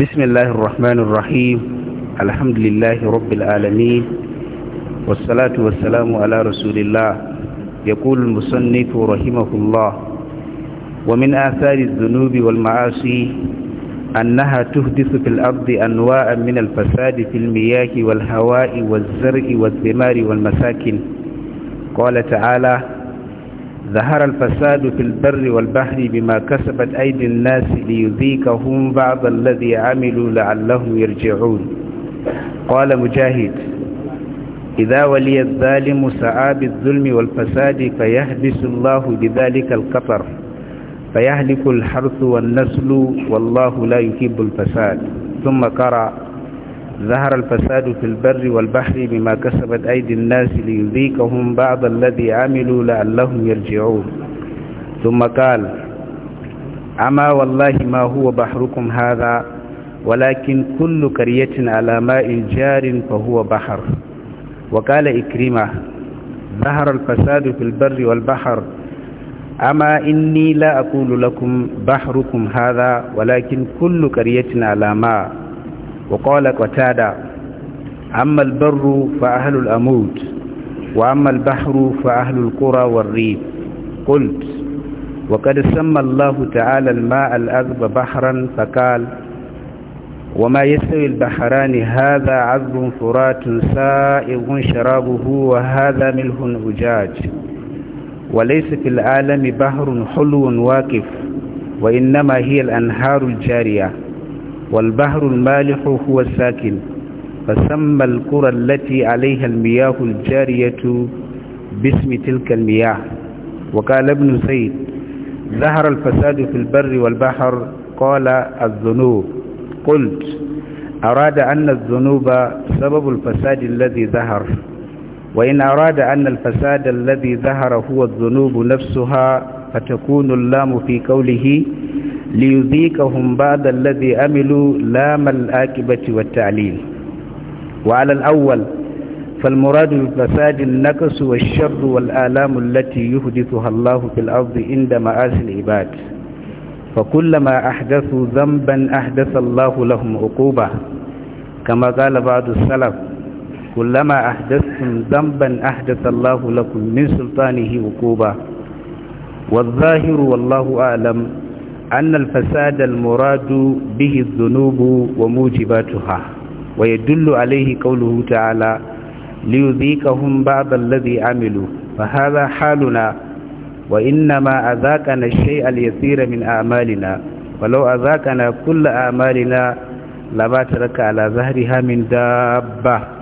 بسم الله الرحمن الرحيم الحمد لله رب العالمين والصلاة والسلام على رسول الله يقول المصنف رحمه الله ومن آثار الذنوب والمعاصي أنها تحدث في الأرض أنواع من الفساد في المياه والهواء والزرع والثمار والمساكن قال تعالى ظهر الفساد في البر والبحر بما كسبت أيدي الناس ليذيكهم بعض الذي عملوا لعلهم يرجعون قال مجاهد إذا ولي الظالم سعى بالظلم والفساد فيهبس الله بذلك القطر فيهلك الحرث والنسل والله لا يحب الفساد ثم قرأ ظهر الفساد في البر والبحر بما كسبت أيدي الناس ليذيقهم بعض الذي عملوا لعلهم يرجعون ثم قال أما والله ما هو بحركم هذا ولكن كل قرية على ماء جار فهو بحر وقال إكرمة ظهر الفساد في البر والبحر أما إني لا أقول لكم بحركم هذا ولكن كل قرية على ماء وقال قتادة أما البر فأهل الأموت وأما البحر فأهل القرى والريف قلت وقد سمى الله تعالى الماء الأذب بحرا فقال وما يستوي البحران هذا عذب فرات سائغ شرابه وهذا ملح أجاج وليس في العالم بحر حلو واقف وإنما هي الأنهار الجارية والبحر المالح هو الساكن فسمى القرى التي عليها المياه الجارية باسم تلك المياه وقال ابن سيد ظهر الفساد في البر والبحر قال الذنوب قلت أراد أن الذنوب سبب الفساد الذي ظهر وإن أراد أن الفساد الذي ظهر هو الذنوب نفسها فتكون اللام في قوله ليذيقهم بعد الذي عملوا لام الآكبة والتعليل وعلى الأول فالمراد بالفساد النقص والشر والآلام التي يحدثها الله في الأرض عند معاصي العباد فكلما أحدثوا ذنبا أحدث الله لهم عقوبة كما قال بعض السلف كلما أحدثتم ذنبا أحدث الله لكم من سلطانه عقوبة والظاهر والله أعلم أن الفساد المراد به الذنوب وموجباتها ويدل عليه قوله تعالى ليذيقهم بعض الذي عملوا فهذا حالنا وإنما أذاقنا الشيء اليسير من أعمالنا ولو أذاقنا كل أعمالنا لما ترك على ظهرها من دابة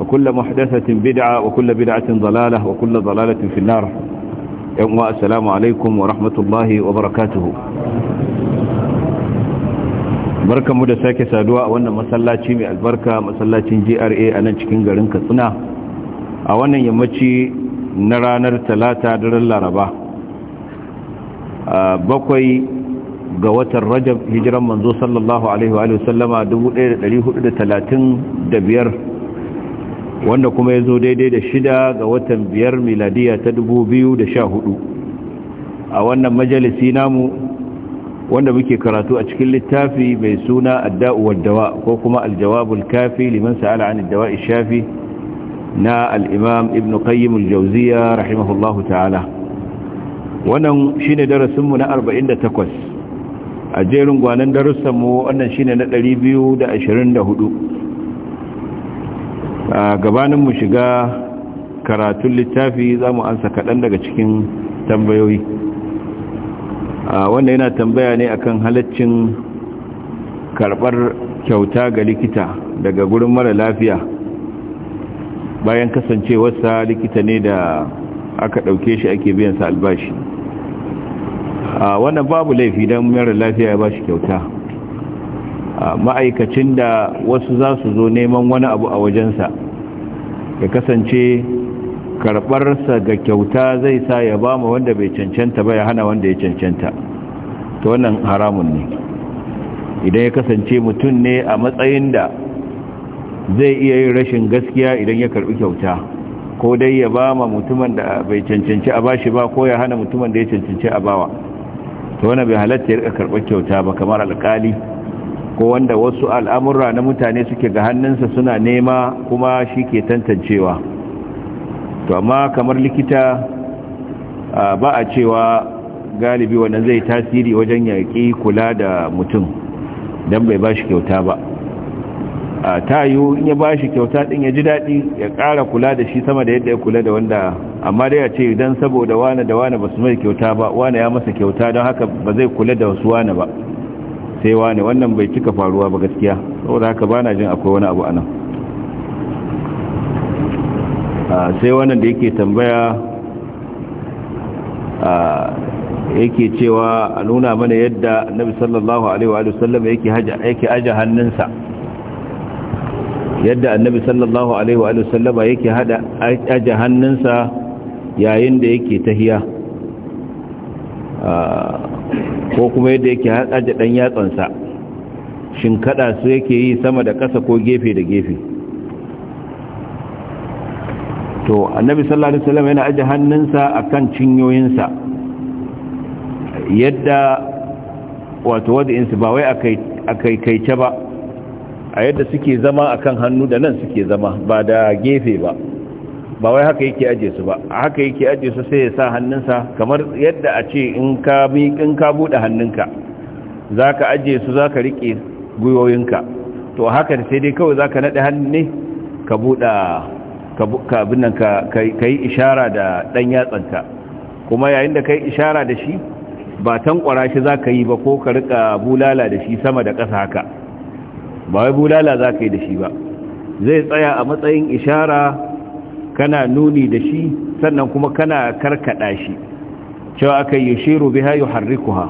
وكل محدثة بدعة وكل بدعة ضلالة وكل ضلالة في النار يوم السلام عليكم ورحمة الله وبركاته barkan mu da sake saduwa a wannan masallaci mai albarka masallacin GRA a nan cikin garin Katsina a wannan yammaci na ranar talata daren laraba bakwai ga watan rajab hijiran manzo sallallahu alaihi wa sallama 1435 wanda kuma ya zo daidai da shida ga watan biyar miladiya ta dubu biyu da sha hudu a wannan majalisi namu wanda muke karatu a cikin littafi mai suna adda'u waddawa ko kuma aljawabul kafi liman sa'ala an addawa'i shafi na al ibn qayyim al rahimahullahu ta'ala wannan shine darasin mu na 48 a jerin gwanon darussan mu wannan ne na 224 gabanin mu shiga karatun littafi za mu ansa kaɗan daga cikin tambayoyi wanda yana tambaya ne akan halaccin karɓar kyauta ga likita daga gurin mara lafiya bayan kasancewarsa likita ne da aka ɗauke shi ake biyansa albashi wannan babu laifi don mara lafiya ya ba shi kyauta ma'aikacin da wasu za su zo neman wani abu a wajensa ya kasance karɓarsa ga kyauta zai sa ya ba mu wanda bai cancanta ba ya hana wanda ya cancanta ta wannan haramun ne idan ya kasance mutum ne a matsayin da zai iya yin rashin gaskiya idan ya karɓi kyauta ko dai ya ba ma mutumin da bai cancanci a bashi ba ko ya hana mutumin da ya cancanci a bawa ta wani bai halatta ya karɓar kyauta ba kamar alƙali ko wanda wasu al'amurra na mutane suke ga hannunsa suna nema kuma shi ke tantancewa to amma kamar likita ba a cewa galibi wannan zai tasiri wajen yaƙi kula da mutum don bai ba shi kyauta ba a tayu in ya ba shi kyauta ɗin ya ji daɗi ya ƙara kula da shi sama da yadda ya kula da wanda amma dai a ce don saboda wane da wane ba su mai kyauta ba wane ya masa kyauta don haka ba zai kula da wasu wane ba sai wane wannan bai cika faruwa ba gaskiya saboda haka bana jin akwai wani abu anan sai wannan da yake tambaya yake cewa a nuna mana yadda nabi sallallahu alaihi wa sallam yake yake aje hannunsa yadda annabi sallallahu alaihi wa sallama yake hada aje hannunsa yayin da yake tahiya ko kuma yadda yake haɗa ɗan yatsansa shin kaɗa su yake yi sama da ƙasa ko gefe da gefe to annabi sallallahu alaihi wasallam yana aje hannunsa akan cinyoyinsa yadda wato wadda ba wai akai kaice ba a yadda suke zama akan hannu da nan suke zama ba da gefe ba ba wai haka yake aje su ba haka yake aje su sai ya sa hannunsa kamar yadda a ce in ka in ka bude hannunka zaka aje su zaka rike guyoyinka to haka sai dai kawai zaka nade hannu ne ka bude ka abin nan ka kai ishara da dan yatsanka kuma yayin da kai ishara da shi ba tan tankwara shi ka yi ba ko ka rika bulala da shi sama da ƙasa haka ba wai bulala zaka yi da shi ba zai tsaya a matsayin ishara kana nuni da shi sannan kuma kana karkada shi cewa aka yushiru biha yuharrikuha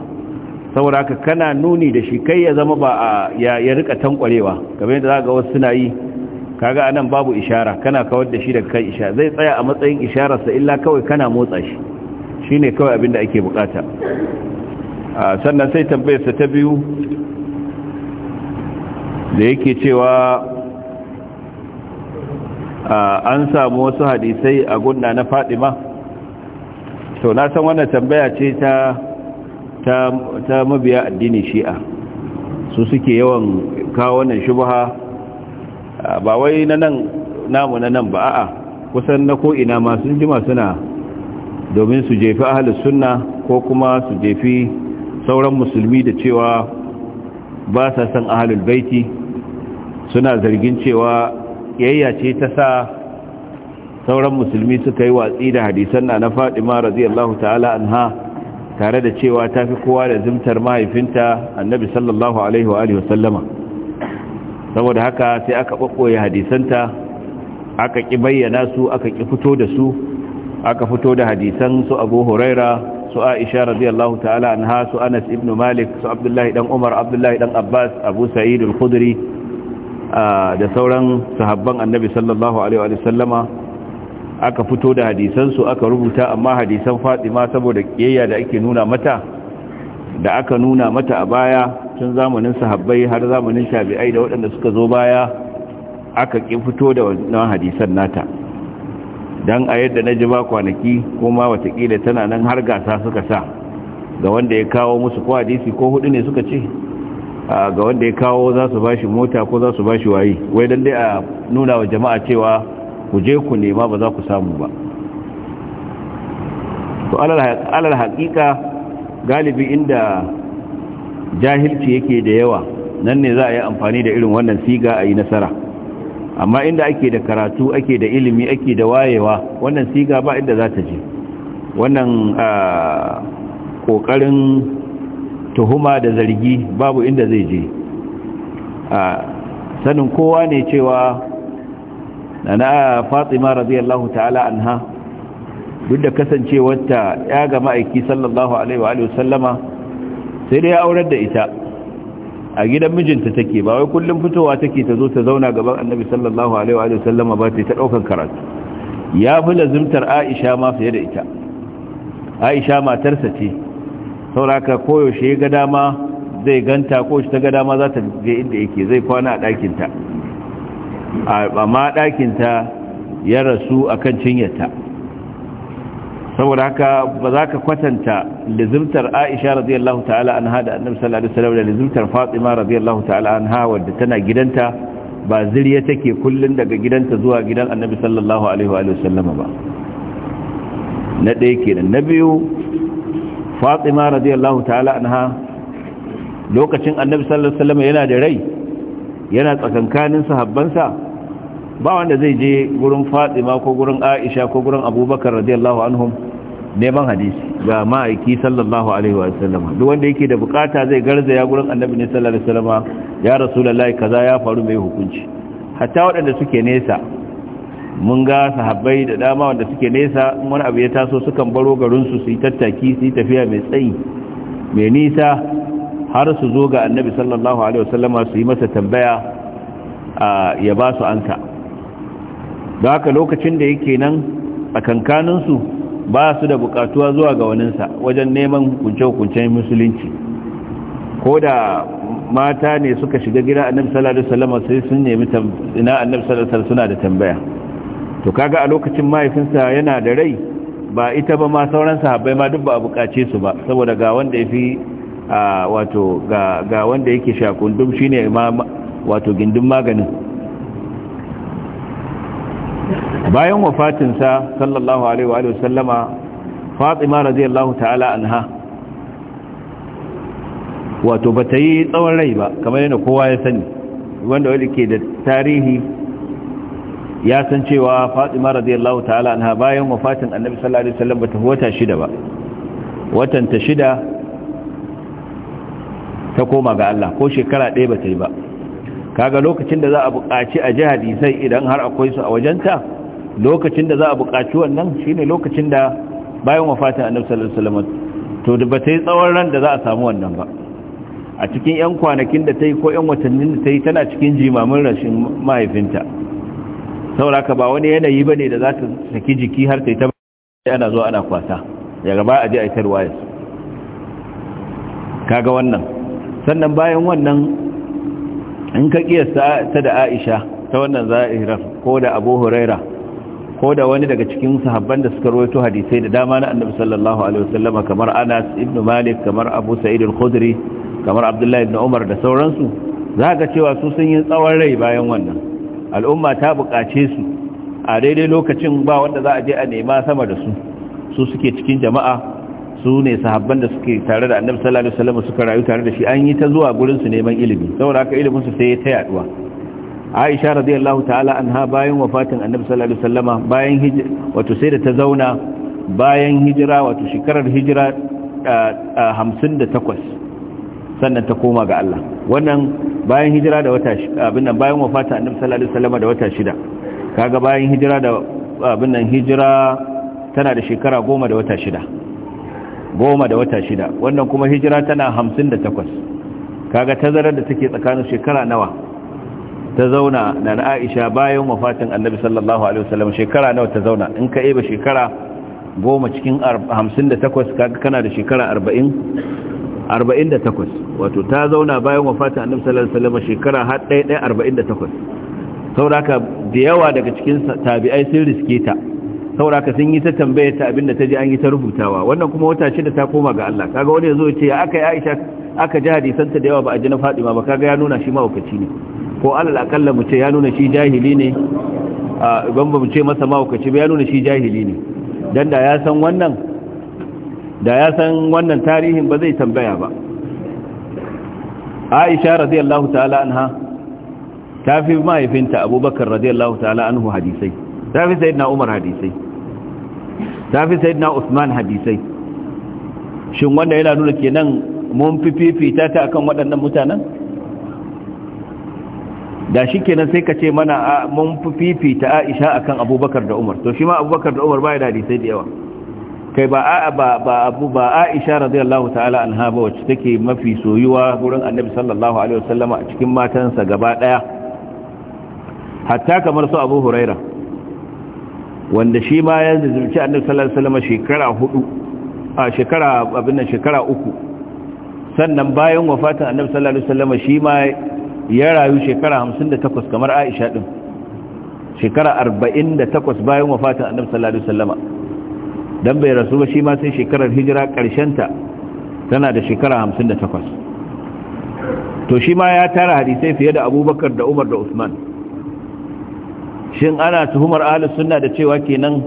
saboda haka kana nuni da shi kai ya zama ba ya, ya rika tankwarewa kamar yadda zaka ga wasu suna yi kaga anan babu ishara kana kawar da shi daga kan ishara zai tsaya a matsayin isharar sa illa kawai kana motsa shi shine kawai abin da ake bukata sannan sai tambayarsa ta biyu da yake cewa an samu wasu hadisai a gunna na fadima to na san wannan tambaya ce ta ta mabiya addini shi'a su suke yawan kawo wannan shubha ba wai na nan namu na nan ba a'a kusan na ko ina ma sun jima suna domin su jefi ahli sunna ko kuma su jefi sauran musulmi da cewa ba sa san ahlul baiti suna zargin cewa kiyayya ce ta sa sauran musulmi suka yi watsi da hadisan na na fadima radiyallahu ta'ala anha tare da cewa ta fi kowa da zimtar mahaifinta annabi sallallahu alaihi wa alihi wasallama saboda haka sai aka ɓaɓɓoye hadisanta aka ƙi bayyana su aka ƙi fito da su aka fito da hadisan su abu huraira su aisha radiyallahu ta'ala anha su anas ibn malik su abdullahi dan umar abdullahi dan abbas abu sa'id al-khudri da sauran sahabban annabi sallallahu alaihi wa sallama aka fito da hadisansu aka rubuta amma hadisan fatima saboda kiyayya da ake nuna mata da aka nuna mata a baya tun zamanin sahabbai har zamanin shabi'ai da waɗanda suka zo baya aka ƙi fito da wannan hadisan nata don a yadda na ji ba kwanaki kuma watakila tana nan har gasa suka sa ga wanda ya kawo musu ko hadisi ko hudu ne suka ce ga wanda ya kawo za su shi mota ko za su ba shi waye wai dan dai a nuna wa jama'a cewa ku je ku nema ba za ku samu ba to alal haƙiƙa galibi inda jahilci yake da yawa nan ne za a yi amfani da irin wannan siga a yi nasara amma inda ake da karatu ake da ilimi ake da wayewa wannan siga ba inda za ta je wannan ƙoƙarin tuhuma da zargi babu inda zai je a sanin kowa ne cewa na fatima radiyallahu ta'ala anha duk da kasancewarta ya ga ma'aiki sallallahu alaihi wa sallama sai dai ya aurar da ita a gidan mijinta take ba wai kullum fitowa take ta zo ta zauna gaban annabi sallallahu alaihi wa sallama ba ta daukan karatu ya fi lazimtar aisha ma fiye da ita aisha matarsa ce sauraka koyaushe ya ga dama zai ganta ko shi ta ga dama za ta je inda yake zai kwana a ɗakinta amma ɗakinta ya rasu a kan cinyata saboda haka ba za ka kwatanta lizimtar aisha radiyallahu ta'ala an ha da annabi sallallahu da lizimtar fatima radiyallahu ta'ala an ha wadda tana gidanta ba zirya take kullun daga gidanta zuwa gidan annabi sallallahu alaihi wa sallama ba na ɗaya kenan na biyu fatima radiyallahu ta'ala anha lokacin annabi sallallahu alaihi wasallam yana da rai yana tsakankanin sahabbansa ba wanda zai je gurin fatima ko gurin aisha ko gurin abubakar radiyallahu anhum neman hadisi ga ma'aiki sallallahu alaihi wasallam duk wanda yake da bukata zai garzaya gurin annabi ne sallallahu alaihi wasallam ya rasulullahi kaza ya faru mai hukunci hatta waɗanda suke nesa mun ga sahabbai da dama wanda suke nesa wani abu ya taso sukan baro garinsu su yi tattaki su yi tafiya mai tsayi mai nisa har su zo ga annabi sallallahu alaihi wasallama su yi masa tambaya ya ba su anka da haka lokacin da yake nan kankaninsu ba su da bukatuwa zuwa ga waninsa wajen neman hukunce-hukuncen musulunci ko da mata ne suka shiga gida annabi sallallahu alaihi wasallama sai sun nemi ina annabi sallallahu alaihi wasallama suna da tambaya to kaga a lokacin mahaifinsa yana da rai ba ita ba ma sauran sahabbai ma duk ba a bukace su ba saboda ga wanda yafi wato ga ga wanda yake shakundum shine ma wato gindin maganin bayan wafatinsa sallallahu alaihi wa sallama fatima radiyallahu ta'ala anha wato ta yi tsawon rai ba kamar yana kowa ya sani wanda wanda ke da tarihi ya san cewa fatima radiyallahu ta'ala anha bayan wafatin annabi sallallahu alaihi wasallam bata wata shida ba watan ta shida ta koma ga Allah ko shekara ɗaya bata yi ba kaga lokacin da za a buƙaci a jihadi sai idan har akwai su a wajenta lokacin da za a buƙaci wannan shine lokacin da bayan wafatin annabi sallallahu alaihi wasallam to da bata yi tsawon ran da za a samu wannan ba a cikin 'yan kwanakin da ta yi ko 'yan watannin da ta yi tana cikin jimamin rashin mahaifinta saboda ka ba wani yanayi bane da za ta saki jiki har ta yi ta ana zuwa ana kwasa ya gaba a ji aitar wayas kaga wannan sannan bayan wannan in ka kiyasta ta da aisha ta wannan za'irar ko da abu huraira ko da wani daga cikin sahabban da suka rawaito hadisai da dama na annabi sallallahu alaihi wasallam kamar anas ibn malik kamar abu sa'id al-khudri kamar abdullahi ibn umar da sauransu za ga cewa su sun yi tsawon rai bayan wannan al'umma ta buƙace su a daidai lokacin ba wanda za a je a nema sama da su su suke cikin jama'a su ne sahabban da suke tare da annabi sallallahu alaihi wasallam suka rayu tare da shi an yi ta zuwa gurin su neman ilimi saboda haka ilimin su sai ta yaduwa Aisha radiyallahu ta'ala anha bayan wafatin annabi sallallahu alaihi wasallama bayan hijira wato sai da ta zauna bayan hijira wato shekarar hijira 58 ah, ah, sannan ta koma ga Allah wannan bayan hijira da wata abin nan bayan wafata annabi sallallahu alaihi wasallam da wata shida kaga bayan hijira da abin nan hijira tana da shekara goma da wata shida goma da wata shida wannan kuma hijira tana hamsin da takwas kaga tazarar da take tsakanin shekara nawa ta zauna da Aisha bayan wafatin annabi sallallahu alaihi wasallam shekara nawa ta zauna in ka eba shekara goma cikin hamsin da takwas kaga kana da shekara arba'in 48 wato ta zauna bayan wafatin annabi sallallahu alaihi wasallam shekara har 1148 sauraka da yawa daga cikin tabi'ai sun riske ta sauraka sun yi ta tambaye ta abinda ta ji an yi ta rubutawa wannan kuma wata ce da ta koma ga Allah kaga wani yazo ya ce aka yi Aisha aka ji ta da yawa ba a ji na Fatima ba kaga ya nuna shi mawakaci ne ko alal akalla mu ce ya nuna shi jahili ne a ban ba mu ce masa mawakaci ba ya nuna shi jahili ne dan da ya san wannan da ya san wannan tarihin ba zai tambaya ba aisha radiyallahu ta'ala anha ta fi mahaifinta abubakar radiyallahu ta'ala anhu hadisai ta fi sayidina umar hadisai ta fi sayidina usman hadisai shin wanda yana nuna kenan mun fi fifita ta akan waɗannan mutanen da shi kenan sai ka ce mana mun fi fifita aisha akan abubakar da umar to shi ma abubakar da umar baya da hadisai da yawa kai ba ba ba abu ba Aisha radiyallahu ta'ala anha ba wacce take mafi soyuwa wurin Annabi sallallahu alaihi wasallama a cikin matansa gaba daya hatta kamar su Abu Huraira wanda shi ma ya zuzurci Annabi sallallahu alaihi wasallama shekara a shekara uku sannan bayan wafatin Annabi sallallahu alaihi wasallama shi ma ya rayu shekara takwas kamar Aisha din shekara takwas bayan wafatin Annabi sallallahu alaihi wasallama dan bai rasu ba shi ma sai shekarar hijira ta tana da shekara 58 to shi ma ya tara hadisai fiye da abubakar da umar da usman shin ana tuhumar ahalus sunna da cewa kenan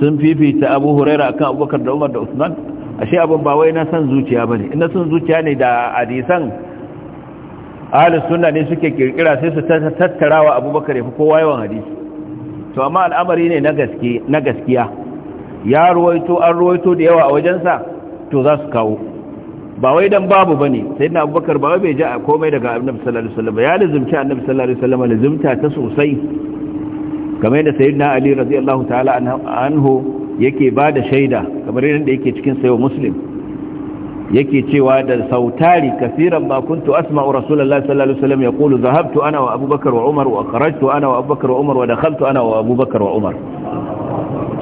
sun fifita abu huraira akan abubakar da umar da usman ashe abin ba wai na san zuciya ba ne ina son zuciya ne da hadisan ahalus sunna ne suke kirkira sai su tattarawa abubakar ya fi kowa yawan hadisi to amma al'amari ne na gaskiya ya ruwaito an ruwaito da yawa a wajensa to za su kawo ba wai dan babu ba ne. sai na abubakar ba wai bai ji a komai daga annabi sallallahu alaihi wasallam ya lazumci annabi sallallahu alaihi wasallam lazumta ta sosai kamar yadda sayyidina ali radiyallahu ta'ala anhu yake ba da shaida kamar yadda yake cikin sayo muslim yake cewa da sautari kasiran ba kuntu asma'u rasulullahi sallallahu alaihi wasallam yaqulu zahabtu ana wa abubakar wa umar wa kharajtu ana wa abubakar wa umar wa dakhaltu ana wa abubakar wa umar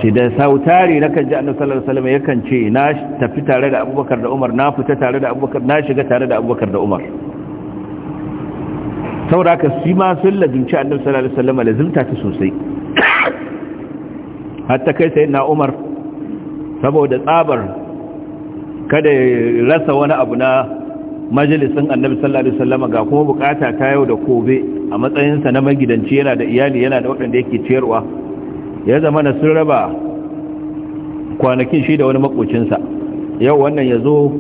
ce da sautari na kan ji annabi sallallahu alaihi wasallam yakan ce na tafi tare da abubakar da umar na fita tare da abubakar na shiga tare da abubakar da umar saboda ka shi ma sun lazimci annabi sallallahu alaihi wasallam lazimta ta sosai hatta kai sai na umar saboda tsabar kada ya rasa wani abu na majalisin annabi sallallahu alaihi wasallam ga kuma bukata ta yau da kobe a matsayinsa na magidanci yana da iyali yana da waɗanda yake ciyarwa ya zama na sun raba kwanakin shi da wani makocinsa yau wannan ya zo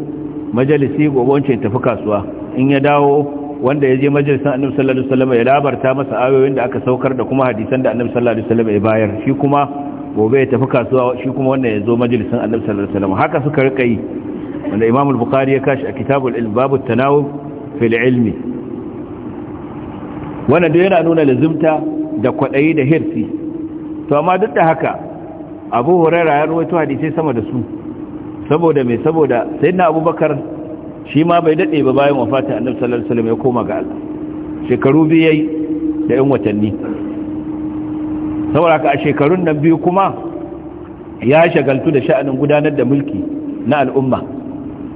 majalisi gobe tafi kasuwa in ya dawo wanda ya je majalisan annabi sallallahu alaihi wasallam ya labarta masa ayoyin da aka saukar da kuma hadisan da annabi sallallahu alaihi wasallam ya bayar shi kuma gobe ya tafi kasuwa shi kuma wannan ya zo majalisan annabi sallallahu alaihi wasallam haka suka rika yi wanda imam al-bukhari ya kashi a kitabul ilm babu tanawub fil ilmi wannan da yana nuna lazimta da kwadayi da hirsi to amma duk da haka abu huraira ya ruwaito hadisai sama da su saboda mai saboda sayyidina abubakar shi ma bai daɗe ba bayan wafatin annabi sallallahu alaihi wasallam ya koma ga Allah shekaru biyu da yan watanni saboda ka a shekarun nan biyu kuma ya shagaltu da sha'anin gudanar da mulki na al'umma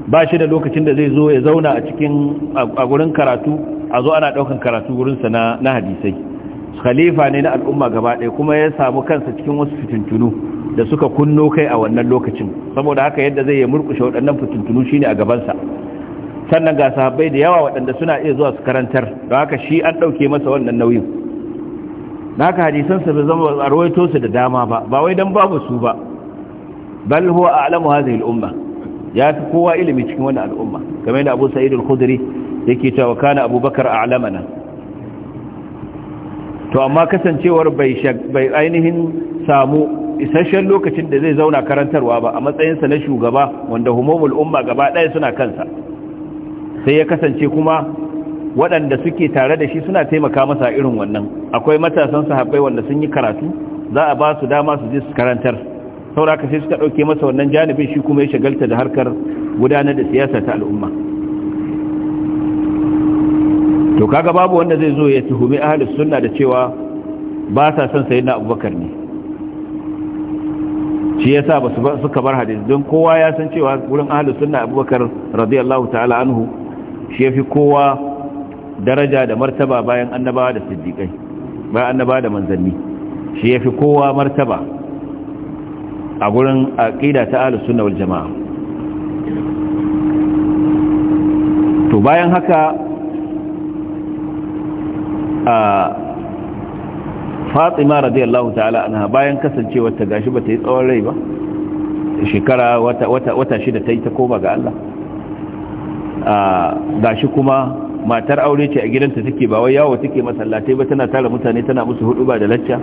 ba shi da lokacin da zai zo ya zauna a cikin a gurin karatu a zo ana daukan karatu sa na hadisai khalifa ne na al'umma gaba ɗaya kuma ya samu kansa cikin wasu fitintunu da suka kunno kai a wannan lokacin saboda haka yadda zai yi murkushe waɗannan fitintunu shine a gabansa sannan ga sahabbai da yawa waɗanda suna iya zuwa su karantar da haka shi an ɗauke masa wannan nauyin na haka hadisansa bai zama a rawaito su da dama ba ba wai don babu su ba bal huwa a'lamu hadhihi al-umma ya fi kowa ilimi cikin wannan al'umma kamar da Abu Sa'id al-Khudri yake cewa kana Abu Bakar a'lamana to amma kasancewar bai ainihin samu isasshen lokacin da zai zauna karantarwa ba a matsayinsa na shugaba wanda humumul umma gaba ɗaya suna kansa sai ya kasance kuma waɗanda suke tare da shi suna taimaka masa irin wannan akwai matasan sahabbai wanda sun yi karatu za a ba su dama su je su karantar sauraka sai suka ɗauke masa wannan janibin shi kuma ya shagalta da harkar gudanar da siyasa ta al'umma to kaga babu wanda zai zo ya tuhumi ahlus sunna da cewa ba sa son sayyidina abubakar ne shi yasa ba su suka bar hadisi don kowa ya san cewa wurin ahlus sunna abubakar radiyallahu ta'ala anhu shi yafi kowa daraja da martaba bayan annabawa da siddiqai bayan annabawa da manzanni shi yafi kowa martaba a gurin aqida ta ahlus sunna wal jamaa to bayan haka a fatima radiyallahu ta'ala anha bayan kasancewar ta gashi bata yi tsawon rai ba shekara wata wata wata shida ta yi ta koma ga Allah a gashi kuma matar aure ce a gidanta take ba wai yawo take masallatai ba tana tara mutane tana musu hudu ba da lacca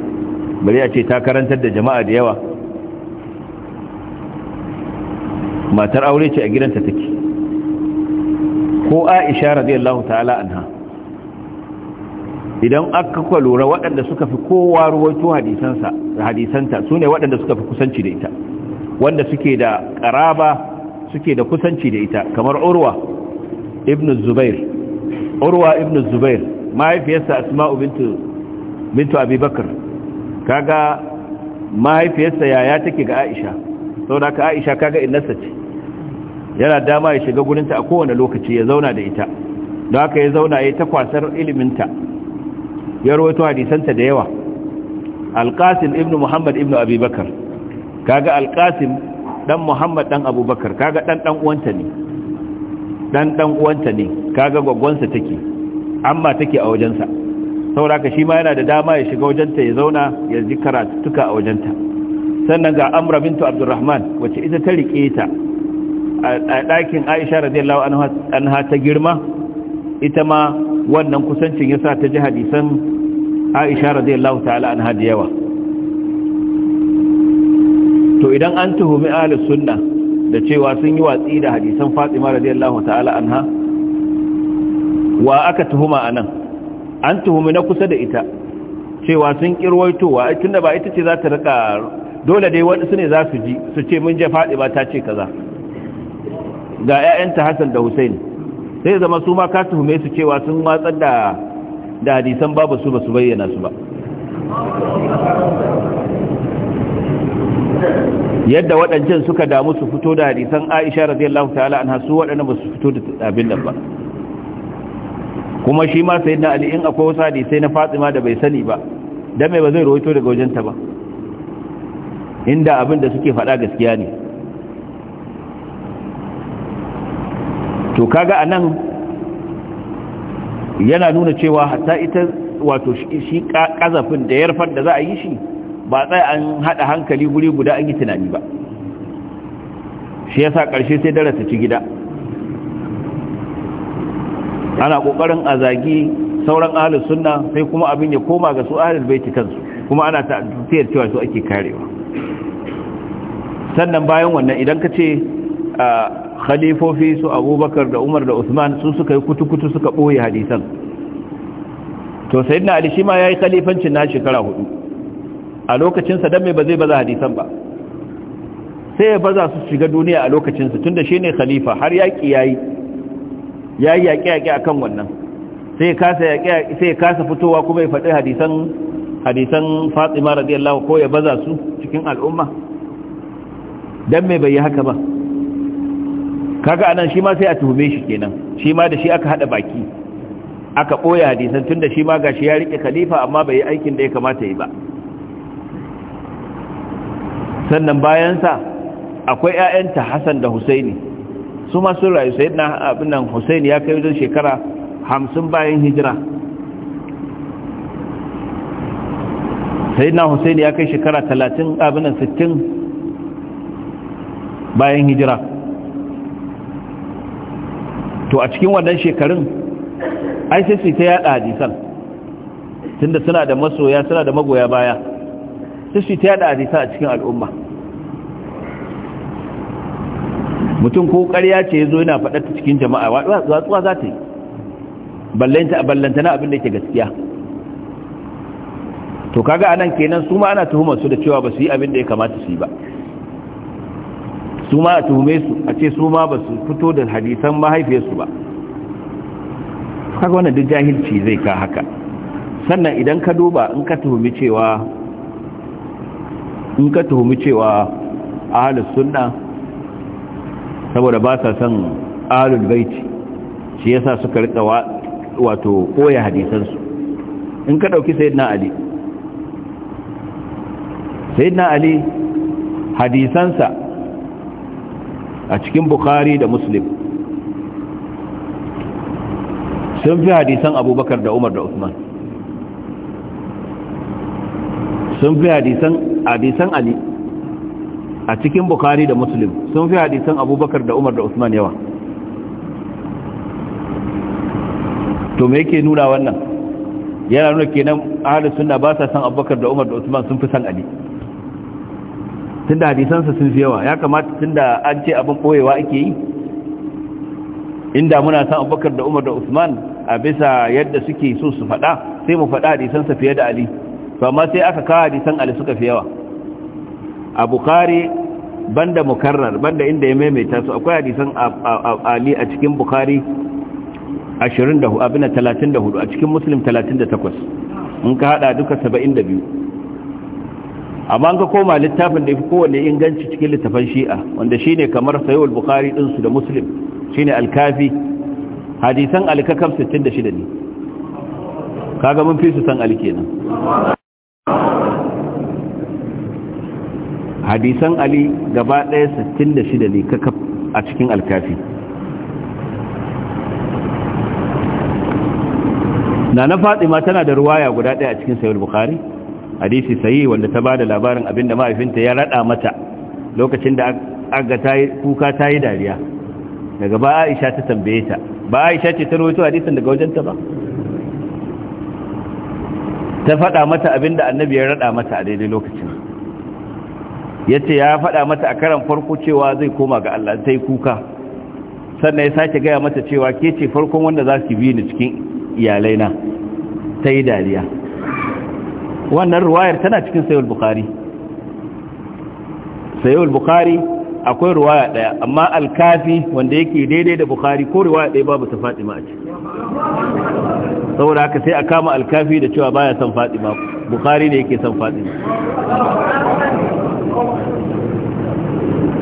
bari a ce ta karantar da jama'a da yawa matar aure ce a gidanta take ko Aisha radiyallahu ta'ala anha idan aka kwa lura waɗanda suka fi kowa ruwaito hadisanta su ne waɗanda suka fi kusanci da ita wanda suke da ƙaraba suke da kusanci da ita kamar urwa ibn zubair urwa ibn zubair mahaifiyarsa asma'u bintu bintu abubakar kaga mahaifiyarsa yaya take ga aisha da ka aisha kaga innarsa ce yana dama ya shiga gurinta a kowane lokaci ya zauna da ita da aka ya zauna ya ta kwasar iliminta ya rawaito hadisansa da yawa alqasim ibn muhammad ibn abi bakar kaga alqasim dan muhammad dan abubakar kaga dan dan uwanta ne dan dan uwanta ne kaga gwaggonsa take amma take a wajensa saboda ka shi ma yana da dama ya shiga wajenta ya zauna ya ji karatuka a wajenta sannan ga amra bintu abdurrahman wacce ita ta rike ta a ɗakin aisha radiyallahu anha ta girma ita ma wannan kusancin yasa ta ji hadisan aisha radiyallahu ta'ala an da yawa to idan an tuhumi ahli sunna da cewa sun yi watsi da hadisan fatima radiyallahu ta'ala anha wa aka tuhuma anan an tuhumi na kusa da ita cewa sun kirwaitowa tunda ba ita ce za ta rika dole dai waɗansu ne za su ji su ce mun je fatima ta ce kaza ga 'ya'yanta hassan da hussein sai zama su ma ka tuhume su cewa sun watsar da da hadisan babu su ba su bayyana su ba yadda waɗancan suka damu su fito da hadisan aisha radiyallahu ta'ala anha su waɗannan ba su fito da abin nan ba kuma shi ma sayyidina ali in akwai wasu hadisai na fatima da bai sani ba dan mai ba zai rawaito daga wajenta ba inda abin da suke faɗa gaskiya ne to kaga anan yana nuna cewa hatta ita wato shi kazafin da yarfar da za a yi shi ba tsaye an haɗa hankali guri guda an yi tunani ba shi yasa ƙarshe sai darasa ci gida ana ƙoƙarin a zagi sauran ahalin sunna sai kuma abin ya koma ga su ahalul baiti kansu kuma ana tafiyar cewa su ake karewa sannan bayan wannan idan ka ce khalifofi su abubakar da umar da usman su suka yi kutu-kutu suka ɓoye hadisan to sayyidina ali shi ma ya yi khalifancin na shekara hudu a lokacinsa don mai ba zai baza hadisan ba sai ya baza su shiga duniya a lokacinsa tunda shi ne khalifa har yaƙi ya yi ya yi yaƙe-yaƙe a kan wannan sai ya kasa fitowa kuma ya faɗi hadisan hadisan fatima radiyallahu ko ya baza su cikin al'umma don mai bai yi haka ba kaga anan shi ma sai a tuhume shi kenan shi ma da shi aka hada baki aka boya hadisan tunda shi ma gashi ya rike khalifa amma bai yi aikin da ya kamata yi ba sannan bayan sa akwai ƴaƴanta Hassan da Husaini su ma sun rayu sayyidina abin nan Husaini ya kai wajen shekara 50 bayan hijira sayyidina Husaini ya kai shekara 30 abin nan 60 bayan hijira to a cikin wannan shekarun ai sai su ta yada hadisan tunda suna da masoya suna da magoya baya su su ta yada hadisan a cikin al'umma mutum ko ƙarya ce ya zo yana faɗar ta cikin jama'a watsuwa za ta yi ballantana abin da ke gaskiya to kaga anan kenan su ma ana tuhumar su da cewa ba su yi abin da ya kamata su yi ba su ma a tuhume su a ce su ma ba su fito da hadisan mahaifiyarsu ba kaga wannan duk jahilci zai ka haka sannan idan ka duba in ka tuhumi cewa in ka tuhumi cewa ahlus sunna saboda ba sa son ahlul baiti shi yasa suka rika wato koya hadisansu in ka dauki sayyidina ali sayyidina ali hadisansa a cikin bukhari da muslim sun fi hadisan abubakar da umar da usman sun fi hadisan ali a cikin bukhari da muslim sun fi hadisan abubakar da umar da usman yawa to me yake nuna wannan yana nuna kenan ahalus sunna ba sa san abubakar da umar da usman sun fi san ali tunda hadisansa sun fi yawa ya kamata tunda an ce abin boyewa ake yi inda muna san abubakar da umar da usman a bisa yadda suke so su faɗa sai mu faɗa hadisansa fiye da ali to amma sai aka kawo hadisan ali suka fi yawa a bukari banda mukarrar banda inda ya maimaita su akwai hadisan ali a cikin bukari 24 abin 34 a cikin muslim 38 in ka haɗa duka 72 amma an koma littafin da ya fi kowane inganci cikin littafan shi'a wanda shi ne kamar sayowar bukari ɗinsu da muslim shi ne alkafi hadisan alkakam 66 ne kaga mun fi su san alke nan hadisan ali gaba ɗaya 66 ne kakaf a cikin alkafi na na fatima tana da ruwaya guda ɗaya a cikin sayowar bukari hadisi sayi wanda ta bada labarin abinda mahaifinta ya rada mata lokacin da aga tayi kuka tayi dariya daga ba Aisha ta tambaye ta ba Aisha ce ta rawaito hadisin daga wajenta ba ta faɗa mata abinda annabi ya rada mata a daidai lokacin yace ya faɗa mata a karan farko cewa zai koma ga Allah sai kuka sannan ya sake gaya mata cewa ke ce farkon wanda za su bi ni cikin iyalaina ta yi dariya wannan ruwayar tana cikin sayul bukari sayul bukari akwai ruwaya daya amma alkafi wanda yake daidai da bukari ko ruwaya daya babu ta fatima a ciki saboda haka sai a kama alkafi da cewa baya san fatima bukari ne yake san fatima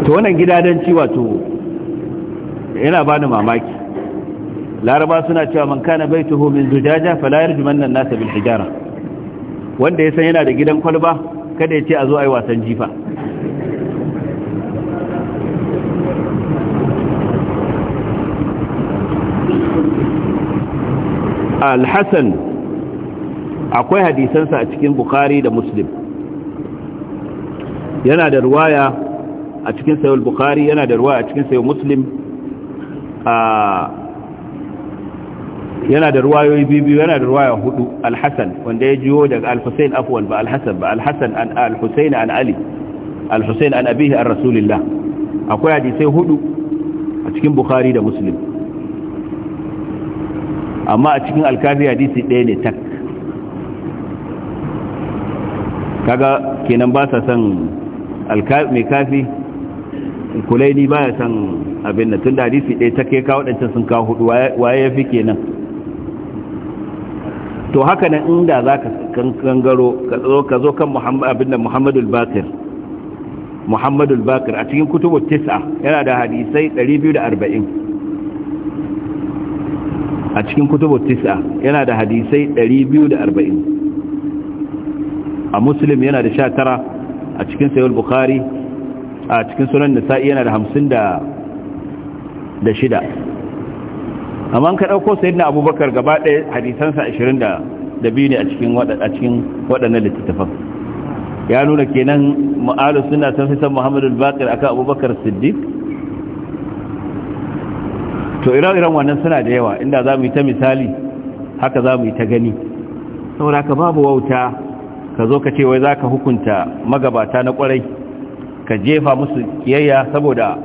to wannan gidadanci wato yana bani mamaki laraba suna cewa man kana baituhu min zujaja fala yarjumanna an-nasa bil hijara wanda ya san yana da gidan kwalba kada ya ce a zo a yi wasan jifa alhassan akwai hadisansa a cikin bukari da muslim yana da ruwaya a cikin sayo bukari yana da ruwaya a cikin sayo muslim a ah, yana da ruwayoyi biyu yana da ruwaya hudu al-hasan wanda ya jiyo daga al-husayn afwan ba al-hasan ba al-hasan an al-husayn an ali al-husayn an abihi an rasulillah akwai hadisai hudu a cikin bukhari da muslim amma a cikin al-kafi hadisi ɗaya ne tak kaga kenan ba sa son mai kafi kulaini ba ya san abin da tun da hadisi ɗaya take ka kawo sun kawo hudu waye ya fi kenan to haka nan inda za ka kankangaro ka zo kan abinda Muhammadu bakir Muhammadu bakir a cikin kutubu tisa yana da hadisai 240 a cikin kutubu tisa yana da hadisai 240 a muslim yana da sha tara a cikin sayul bukhari a cikin sunan nisa'i yana da hamsin da shida amma ka ɗauko sayyidina abubakar gaba ɗaya hadisansa 22 ne a cikin waɗannan littattafan ya nuna kenan ma'alu suna san fi san muhammadu bakir akan abubakar siddiq to ira iran wannan suna da yawa inda za mu yi ta misali haka za mu yi ta gani saboda ka babu wauta ka zo ka ce wai za ka hukunta magabata na kwarai ka jefa musu kiyayya saboda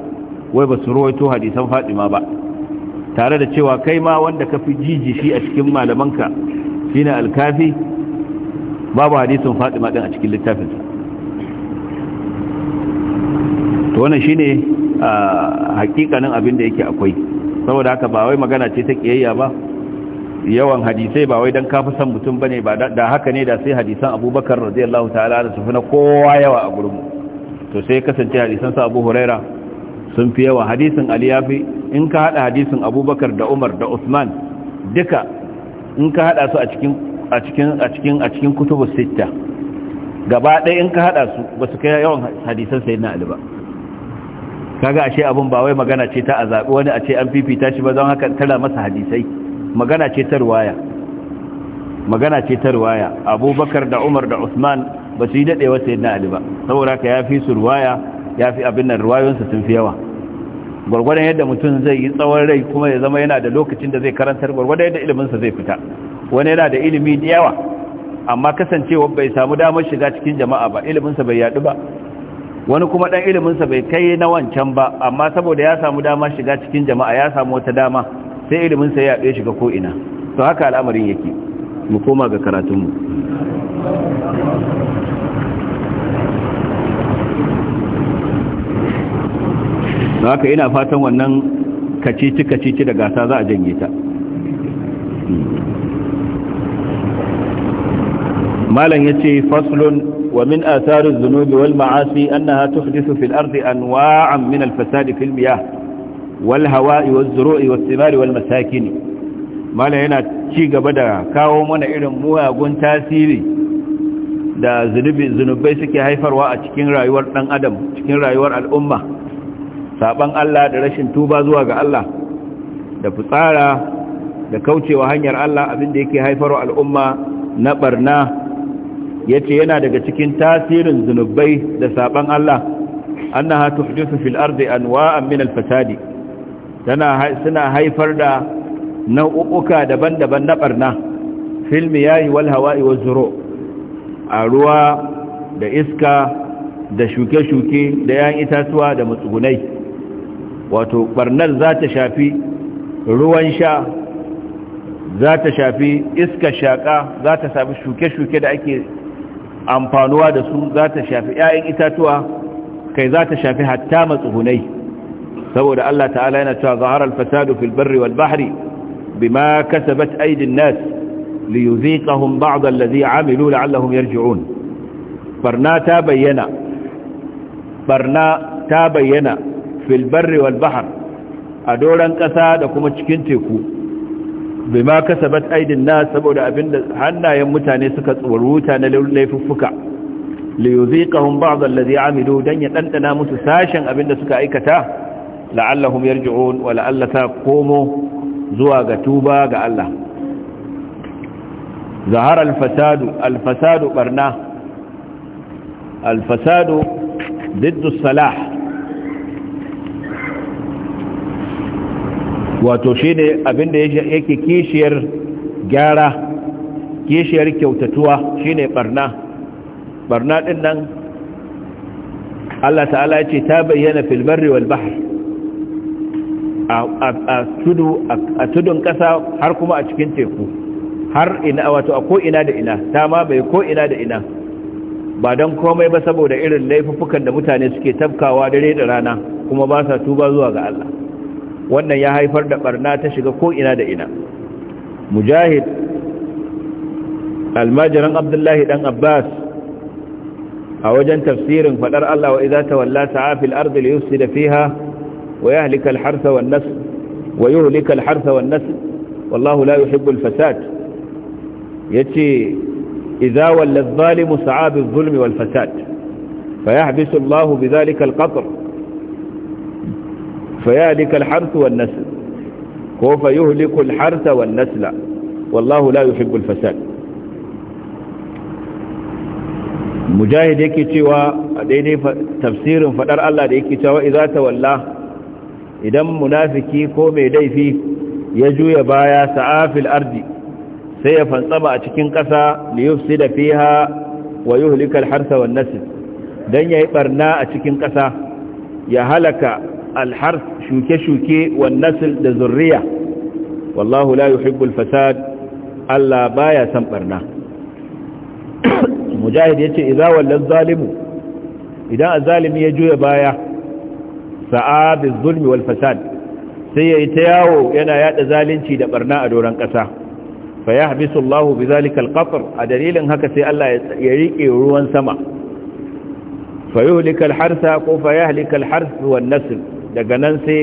wai ba su ruwaito hadisan fadima ba tare da cewa kai ma wanda ka fi shi a cikin malamanka shine alkafi babu hadisin fatima din a cikin littafinsa to wannan shine hakikanin abin da yake akwai saboda haka ba wai magana ce ta kiyayya ba yawan hadisai ba wai don kafa san mutum ba ne da haka ne da sai hadisan abubakar radiyallahu ta'ala da su fi na kowa yawa a gurinmu to sai kasance hadisan sa abu huraira sun fi yawa hadisin ali ya fi in ka hada hadisin abubakar da umar da usman duka in ka hada su a cikin a cikin a cikin a cikin kutubu sita gaba ɗaya in ka hada su ba su kai yawan hadisan sayyidina ali ba kaga ashe abun ba wai magana ce ta azabi wani a ce an fifita shi ba don haka tara masa hadisai magana ce ta ruwaya. magana ce ta riwaya abubakar da umar da usman ba su yi dadewa sayyidina ali ba saboda ka ya fi su ruwaya. ya fi abin nan ruwayonsa sun fi yawa gwargwadon yadda mutum zai yi tsawon rai kuma ya zama yana da lokacin da zai karantar gwargwadon yadda iliminsa zai fita wani yana da ilimi da yawa amma kasancewa bai samu damar shiga cikin jama'a ba iliminsa bai yadu ba wani kuma dan iliminsa bai kai na wancan ba amma saboda ya samu dama shiga cikin jama'a ya samu wata dama sai iliminsa ya yaɗe shiga ko'ina to haka al'amarin yake mu koma ga karatunmu don haka ina fatan wannan kacici-kacici da gasa za a janye ta malam ya ce faslun wa min asarin zunubi wal ma'asi an tuhdisu fil ardi anwa'an min al fil miyah wal hawa'i wal zuru'i was thimari wal malam yana ci gaba da kawo mana irin muyagun tasiri da zunubai suke haifarwa a cikin rayuwar dan adam cikin rayuwar al'umma saban Allah da rashin tuba zuwa ga Allah da fitsara da kaucewa hanyar Allah abin abinda yake haifarwa al'umma na barna yace yana daga cikin tasirin zunubai da saban Allah annaha tuhdithu fil ardi anwa'an min al fasadi tana suna haifar da nau'uka daban-daban na barna fil miyahi wal hawa'i waz zuru a ruwa da iska da shuke-shuke da yan itatuwa da matsugunai wato barnar za ta shafi ruwan sha za ta shafi iska shaƙa za ta shafi shuke-shuke da ake amfanuwa da su za ta shafi 'ya'yan itatuwa kai za ta shafi hatta matsugunai saboda Allah ta'ala yana cewa zahara al fil barri wal bahri bima kasabat aydin nas liyuziqahum ba'd allazi 'amilu la'allahum yarji'un barna ta bayyana barna ta bayyana fil barri wal bahr a doran kasa da kuma cikin teku bai bima kasabat aidin na saboda abinda hannayen mutane suka tsoruta na laifuffuka li yuziqahum ba'd alladhi amilu dan ya dandana musu sashen abinda suka aikata la'allahum yarji'un wa la'allata komo zuwa ga tuba ga Allah zahara al-fasadu al-fasadu barna al-fasadu ضد الصلاح wato shine abin da yake kishiyar gyara kishiyar kyautatuwa shine barna barna din nan Allah ta'ala ya ce ta bayyana filbari barri wal a tudun kasa har kuma a cikin teku har ina wato a ko da ina ta ma bai ko'ina da ina ba don komai ba saboda irin laifukan da mutane suke tabkawa dare da rana kuma ba sa tuba zuwa ga Allah wannan ya haifar da barna ta shiga ko ina da ina mujahid almajiran abdullahi dan abbas a wajen tafsirin fadar Allah wa idza tawalla sa'a fil ardi liyufsida fiha wa yahlika al-hartha wan nasl wa yuhlika al wan nasl wallahu la yuhibbu al-fasad yace idza walla adh-dhalimu sa'a bil-zulmi wal-fasad فيحبس الله bidhalika القطر فيهلك الحرث والنسل هو فيهلك الحرث والنسل والله لا يحب الفساد mujahid yake cewa a daidai tafsirin fadar Allah da yake cewa idza tawalla idan munafiki ko mai laifi ya juya baya sa'afil ardi sai ya fantsama a cikin ƙasa li yufsida fiha wa yuhlika al-harsa wan nasl dan yayi barna a cikin ƙasa ya halaka alhars shuke-shuke wan da zurriya wallahu la yuhibbul fasad Allah baya san barna mujahid yace idza wallal zalimu idan azalimi ya juya baya sa'a bil zulmi wal fasad sai yayi ta yawo yana yada zalunci da barna a doran kasa fa yahbisu Allahu bi a dalilin haka sai Allah ya rike ruwan sama فيهلك الحرث فيهلك الحرث والنسل daga nan sai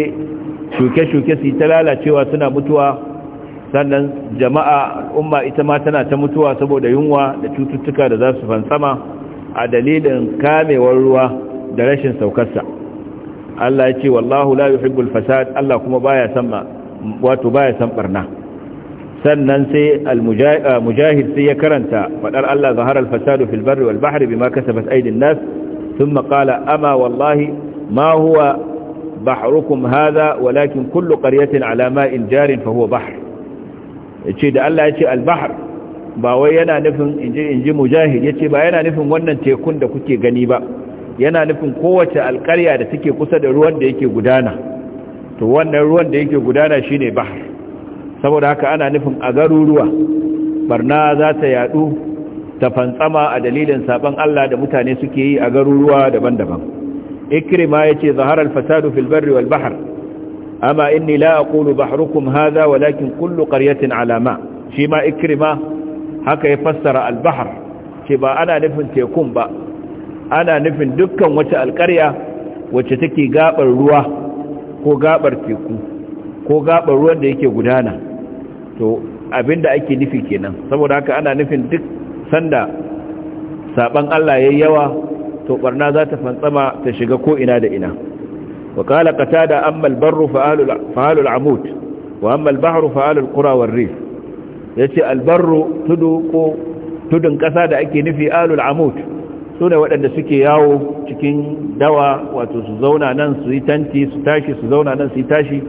shuke-shuke su ta lalacewa suna mutuwa sannan jama'a al'umma ita ma tana ta mutuwa saboda yunwa da cututtuka da za su fansama a dalilin kamewar ruwa da rashin saukarsa Allah ya ce wallahu la yuhibbul fasad Allah kuma baya san wato baya san barna sannan sai al-mujahid ah, sai ya karanta fadar Allah zaharal fasadu fil barri wal bahri bima kasabat aydin nas thumma qala ama wallahi ma huwa bahrukum hadha walakin kullu qaryatin ala ma'in jarin fa huwa bahr yace da Allah yace al-bahr ba wai yana nufin inji inji mujahid yace ba yana nufin wannan tekun da kuke gani ba yana nufin kowace alƙarya da take kusa da ruwan da yake gudana to wannan ruwan da yake gudana shine Bahar. saboda haka ana nufin a garuruwa barna za ta yadu ta fantsama a dalilin saban Allah da mutane suke yi a garuruwa daban-daban ikrima yace zahara al-fasadu fil barri wal bahr amma inni la aqulu bahrukum hadha walakin kullu qaryatin ala ma shi ma ikrima haka ya fassara al-bahr ce ba ana nufin tekun ba ana nufin dukkan wata alƙarya wacce take gabar ruwa ko gabar teku ko gabar ruwan da yake gudana to abinda ake nufi kenan saboda haka ana nufin duk sanda saban Allah yayi yawa to barna za ta fantsama ta shiga ko ina da ina wa qala qatada da al-barru fa alu al-amut wa amma al-bahru fa alu al rif Ya ce barru tudu ko tudun kasa da ake nufi alu al su ne waɗanda suke yawo cikin dawa wato su zauna nan su yi tanti su tashi su zauna nan su yi tashi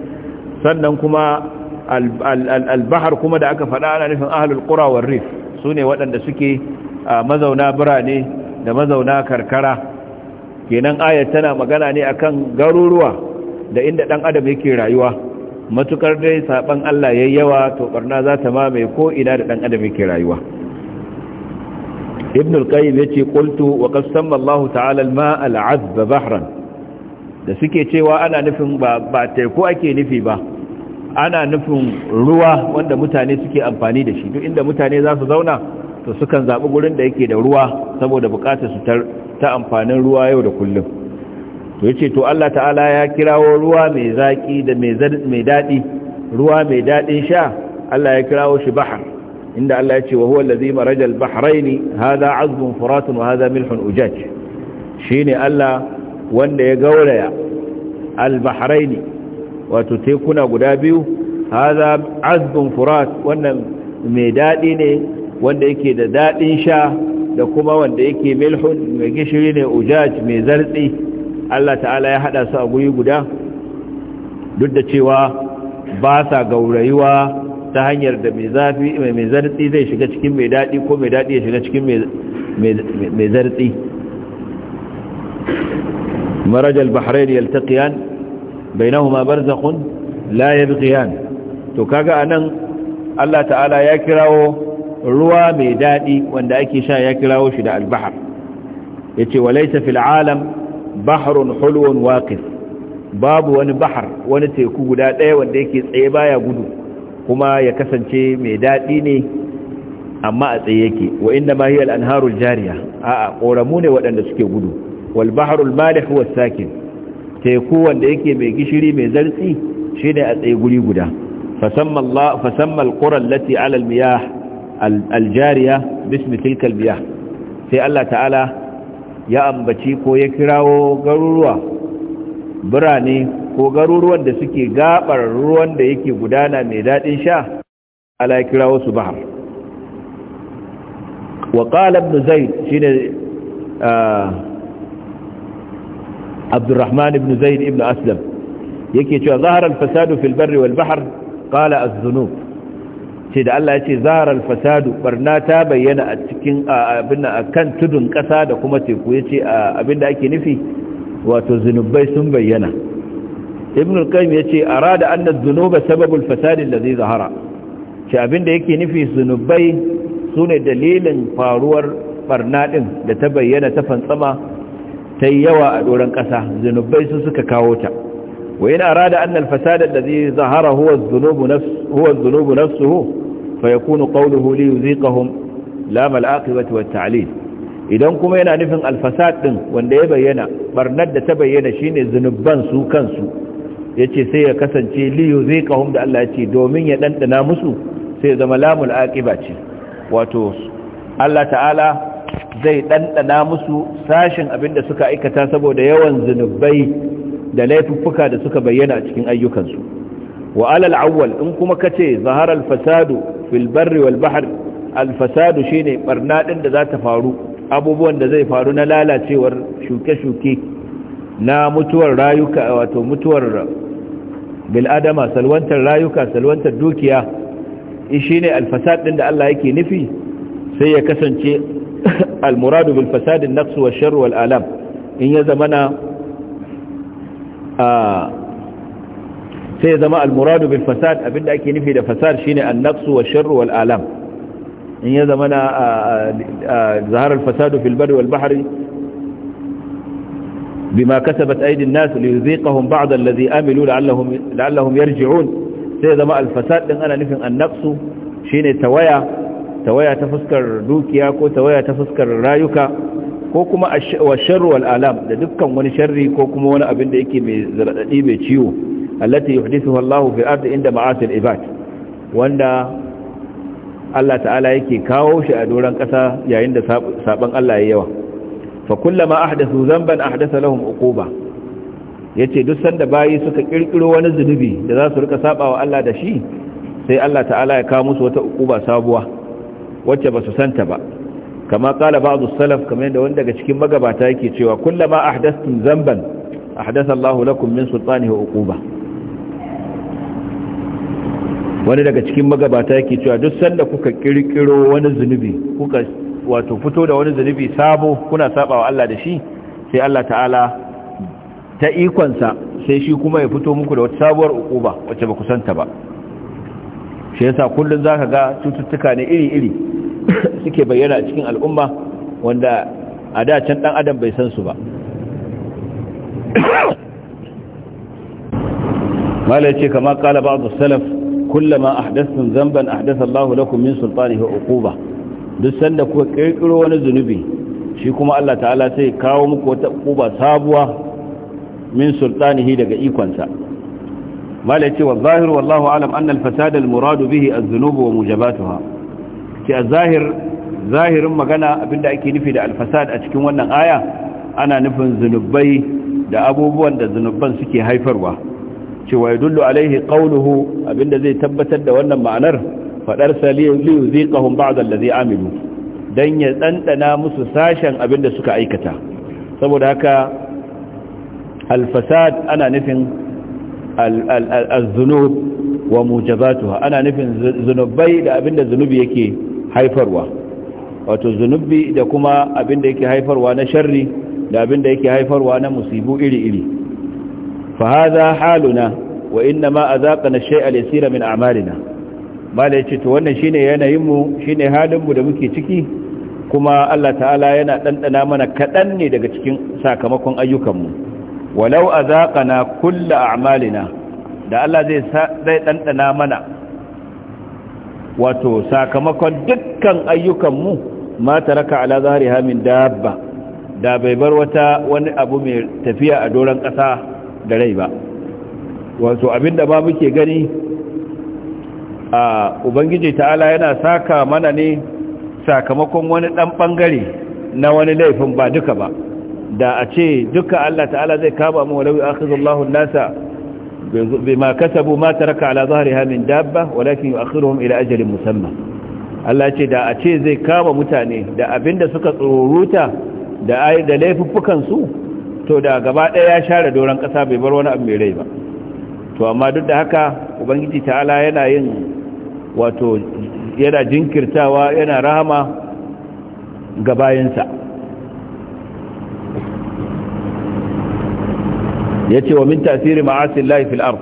sannan kuma Albahar kuma da aka faɗa ana nufin ahlul qura Rif su ne waɗanda suke mazauna birane da mazauna karkara kenan ayat tana magana ne akan garuruwa da inda dan adam yake rayuwa matukar dai saban Allah yayi yawa to barna za ta mamaye ko ina da dan adam yake rayuwa ibn al-qayyim yace qultu wa qasama Allah ta'ala al-ma'a al-'azba bahran da suke cewa ana nufin ba ba teku ake nufi ba ana nufin ruwa wanda mutane suke amfani da shi duk inda mutane za su zauna to sukan zaɓi gurin da yake da ruwa saboda bukatar su ta amfanin ruwa yau da kullum to yace to Allah ta'ala ya kirawo ruwa mai zaki da mai daɗi ruwa mai daɗin sha Allah ya kirawo shi bahar inda Allah ya ce wa huwa allazi marajal bahraini hadha azbun furatun wa hadha milhun ujaj shine Allah wanda ya gauraya al wato tekuna guda biyu hadha azbun furat wannan mai daɗi ne wanda yake da daɗin sha da kuma wanda yake milhun mai gishiri ne ujaj mai zartsi Allah ta'ala ya haɗa su a guri guda duk da cewa ba sa gaurayuwa ta hanyar da mai zafi mai zartsi zai shiga cikin mai daɗi ko mai daɗi ya shiga cikin mai zartsi marajal bahrain yaltaqiyan bainahuma barzakhun la yabghiyan to kaga anan Allah ta'ala ya kirawo ruwa mai daɗi wanda ake sha ya kirawo shi da albahar ya ce walaita fil alam baharun hulwun waƙif babu wani bahar wani teku guda ɗaya wanda yake tsaye baya gudu kuma ya kasance mai daɗi ne amma a tsaye yake wa inda ma hiya al'anharul jariya a ƙoramu ne waɗanda suke gudu wal baharul malih was sakin teku wanda yake mai gishiri mai zartsi shine a tsaye guri guda fasamma Allah fasamma al-qura allati 'ala al-miyah aljariya bismi tilkal biya sai Allah ta'ala ya ambaci ko ya kirawo garuruwa birane ko garuruwan da suke gabar ruwan da yake gudana mai daɗin sha ala ya kirawo su bahar wa qala ibn zaid shine abdurrahman ibn zaid ibn aslam yake cewa zahara fasadu fil barri wal bahr qala az-zunub ce da Allah ya ce zaharar fasadu barna ta bayyana a cikin abin a kan tudun ƙasa da kuma teku ya ce abin da ake nufi wato zunubai sun bayyana ibn al-qayyim ya ce arada anna dhunuba sababul fasadi allazi zahara ce abin da yake nufi zunubai sune dalilin faruwar barna din da ta bayyana ta fantsama ta yawa a doron ƙasa zunubai su suka kawo ta وإن أراد أن الفساد الذي ظهر هو الذنوب, نفس هو الذنوب نفسه فيكون قوله ليذيقهم لام العاقبة والتعليل idan kuma yana nufin alfasad din wanda ya bayyana barnar da ta bayyana shine zunuban su kansu yace sai ya kasance liyu zai kahum da Allah yace domin ya dandana musu sai zama lamul aqiba ce wato Allah ta'ala zai dandana musu sashin abinda suka aikata saboda yawan zunubai da laifuffuka da suka bayyana a cikin ayyukansu wa alal awwal in kuma kace zahara al fasadu fil barri wal bahr al fasadu shine barna din da zata faru abubuwan da zai faru na lalacewar shuke-shuke na mutuwar rayuka wato mutuwar bil adama salwantar rayuka salwantar dukiya shine al fasad din da Allah yake nufi sai ya kasance al muradu bil fasad an wa sharr wal alam in ya zamana sai ya zama almuradu bil fasad abinda ake nufi da fasad shine an wa sharru wal-alam in ya zama na zahar al-fasad fil bari wal-bahr bima kasabat aydin nas li liyuziqahum ba'd alladhi amilu la'allahum la'allahum yarji'un sai zama al-fasad din ana nufin an shine tawaya tawaya ta fuskar dukiya ko tawaya ta fuskar rayuka ko kuma wa sharru wal alam da dukkan wani sharri ko kuma wani abin da yake mai zaradadi mai ciwo allati yuhdithuha Allah fi ardi inda ma'asil ibad wanda Allah ta'ala yake kawo shi a doran kasa yayin da saban Allah yayi yawa fa kullama ahdathu dhanban ahdatha lahum uquba yace duk sanda bayi suka kirkiro wani zunubi da za su rika sabawa Allah da shi sai Allah ta'ala ya kawo musu wata uquba sabuwa wacce ba su santa ba kama kala ba'du salaf kamar yadda wanda daga cikin magabata yake cewa kullama ahdathtum zamban ahdatha Allahu lakum min sultanihi uquba wani daga cikin magabata yake cewa duk sanda kuka kirkiro wani zunubi kuka wato fito da wani zunubi sabo kuna sabawa Allah da shi sai Allah ta'ala ta ikonsa sai shi kuma ya fito muku da wata sabuwar uquba wacce ba ku santa ba shi yasa kullun zaka ga cututtuka ne iri-iri suke bayyana a cikin al'umma wanda a da can dan adam bai san su ba mala yace kama kala ba'dhu salaf kullama ahdathtum dhanban ahdatha Allahu lakum min sultanihi uquba duk sanda kuka kirkiro wani zunubi shi kuma Allah ta'ala sai kawo muku wata uquba sabuwa min sultanihi daga ikonsa mala yace wa zahiru wallahu alam anna al-fasada al-muradu bihi az-dhunub wa mujabatuha ce a zahirin magana abinda ake nufi da alfasad a cikin wannan aya ana nufin zunubai da abubuwan da zunuban suke haifarwa cewa ya dullu alaihi qawluhu abinda zai tabbatar da wannan ma'anar fadar saliyu yuziqahum da zai amilu dan ya dandana musu sashen abinda suka aikata saboda haka alfasad ana nufin al-zunub wa mujabatuha ana nufin zunubai da abinda zunubi yake haifarwa wato zunubi da kuma abinda yake haifarwa na sharri da abinda yake haifarwa na musibu iri-iri fa haluna wa inna ma azaqana shay'a yasira min a'malina mala ce to wannan shine yanayin mu shine halin mu da muke ciki kuma Allah ta'ala yana dandana mana kaɗan ne daga cikin sakamakon ayyukan mu walau azaqana kulla a'malina da Allah zai zai dandana mana wato sakamakon dukkan ayyukanmu ma taraka ala zahriha min dabba da bai bar wata wani abu mai tafiya a doron ƙasa da rai ba wato abinda ba muke gani a ubangiji ta'ala yana saka mana ne sakamakon wani ɗan ɓangare na wani laifin ba duka ba da a ce duka Allah ta'ala zai kama mu walawi akhizullahu nasa bima kasabu ma taraka ala zahriha min dabba walakin yu'akhiruhum ila ajalin musamma Allah ce da a ce zai kama mutane da abin da suka tsoruta da ai laifuffukan su to da gaba ɗaya ya share doron ƙasa bai bar wani abu mai rai ba to amma duk da haka ubangiji ta'ala yana yin wato yana jinkirtawa yana rahama ga bayansa yace ومن تأثير ta'siri الله في الأرض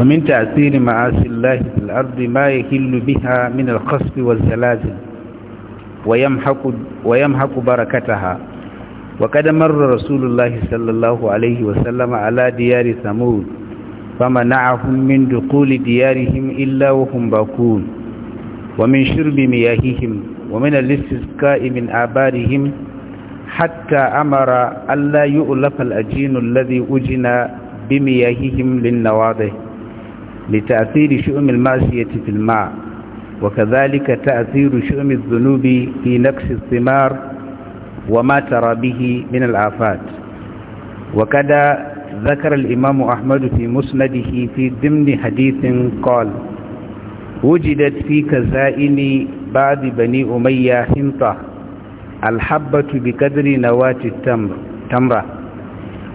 ومن تأثير معاصي الله في الأرض ما يهل بها من القصف والزلازل ويمحق, ويمحق بركتها وقد مر رسول الله صلى الله عليه وسلم على ديار ثمود فمنعهم من دخول ديارهم إلا وهم باكون ومن شرب مياههم ومن الاستسقاء من آبارهم حتى أمر ألا يؤلف الأجين الذي أجن بمياههم للنواضح لتأثير شؤم المعصية في الماء وكذلك تأثير شؤم الذنوب في نقص الثمار وما ترى به من الآفات وكذا ذكر الإمام أحمد في مسنده في ضمن حديث قال وجدت في كزائن بعض بني أمية حنطة الحبة بقدر نواة تمرة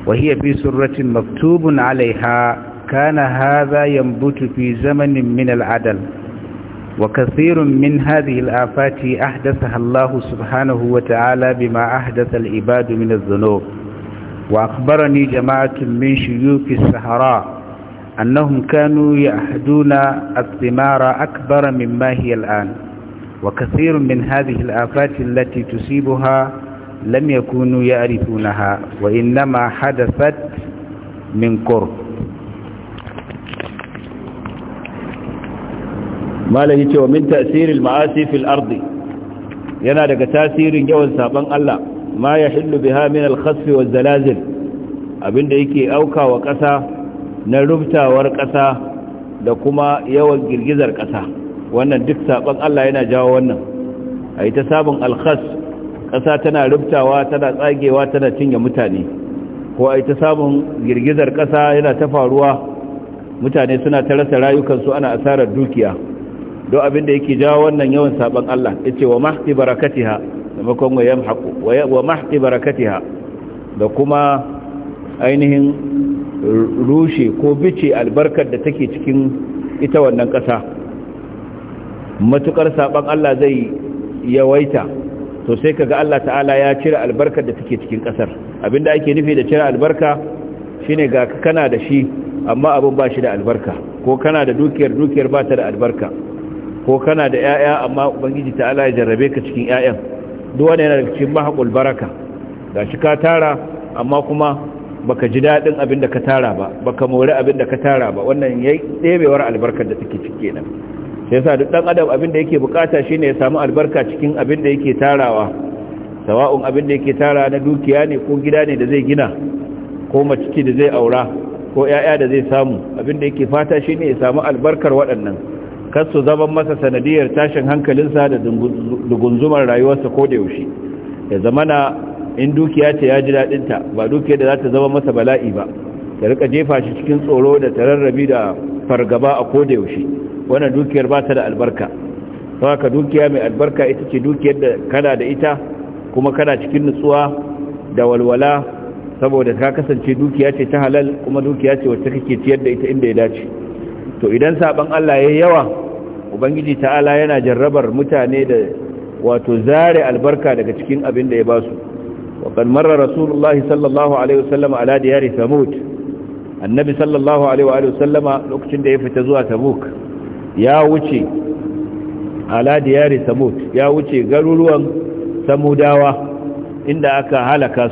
وهي في سرة مكتوب عليها كان هذا ينبت في زمن من العدل وكثير من هذه الآفات أحدثها الله سبحانه وتعالى بما أحدث العباد من الذنوب وأخبرني جماعة من شيوخ السهرات أنهم كانوا يعهدون الثمار أكبر مما هي الآن وكثير من هذه الآفات التي تصيبها لم يكونوا يعرفونها وإنما حدثت من قرب ما لهيته ومن تأثير المعاسي في الأرض yana daga tasirin yawan saban ما يحل بها من biha والزلازل al-khasf wal zalazil yake auka wa na rubtawar ƙasa da kuma yawan girgizar ƙasa wannan duk sabon Allah yana jawo wannan a yi ta sabon alkhas ƙasa tana rubtawa tana tsagewa tana cinye mutane ko a yi ta sabon girgizar ƙasa yana ta faruwa mutane suna ta rasa rayukansu ana asarar dukiya don abin da yake jawo wannan yawan sabon Allah ya ce wa mahti barakatiha da makon wa mahti barakatiha da kuma ainihin rushe ko bice albarkar da take cikin ita wannan ƙasa matukar saban Allah zai yawaita to sai kaga Allah ta'ala ya cire albarkar da take cikin ƙasar abinda ake nufi da cire albarka shine ga kana da shi amma abin ba shi da albarka ko kana da dukiyar dukiyar ba ta da albarka ko kana da 'ya'ya amma ubangiji ta'ala ya jarrabe ka cikin 'ya'yan duk wanda yana da cikin mahaqul baraka gashi ka tara amma kuma baka ji daɗin abin da ka tara ba baka mori abin da ka tara ba wannan ya ɗebewar albarkar da take cike nan sai sa duk ɗan adam abin da yake bukata shine ya samu albarka cikin abin da yake tarawa sawa'un abin da yake tara na dukiya ne ko gida ne da zai gina ko maciki da zai aura ko ‘ya'ya da zai samu abin da yake fata shine ya samu albarkar waɗannan kar su zama masa sanadiyar tashin hankalinsa da dugunzumar rayuwarsa ko da yaushe ya zama na. in dukiya ce ya ji daɗinta ba dukiya da za ta zama masa bala'i ba ta rika jefa shi cikin tsoro da tararrabi da fargaba a koda yaushe wannan dukiyar ba ta da albarka don ka dukiya mai albarka ita ce dukiyar da kana da ita kuma kana cikin nutsuwa da walwala saboda ka kasance dukiya ce ta halal kuma dukiya ce wacce kake ciyar da ita inda ya dace to idan saban Allah yayi yawa ubangiji ta'ala yana jarrabar mutane da wato zare albarka daga cikin abin da ya basu وقد مر رسول الله صلى الله عليه وسلم على ديار ثمود النبي صلى الله عليه وآله وسلم لوكتين ده يفتزوا تبوك يا وشي على ديار ثمود يا وشي قالوا ثموداوة إن أكا هلك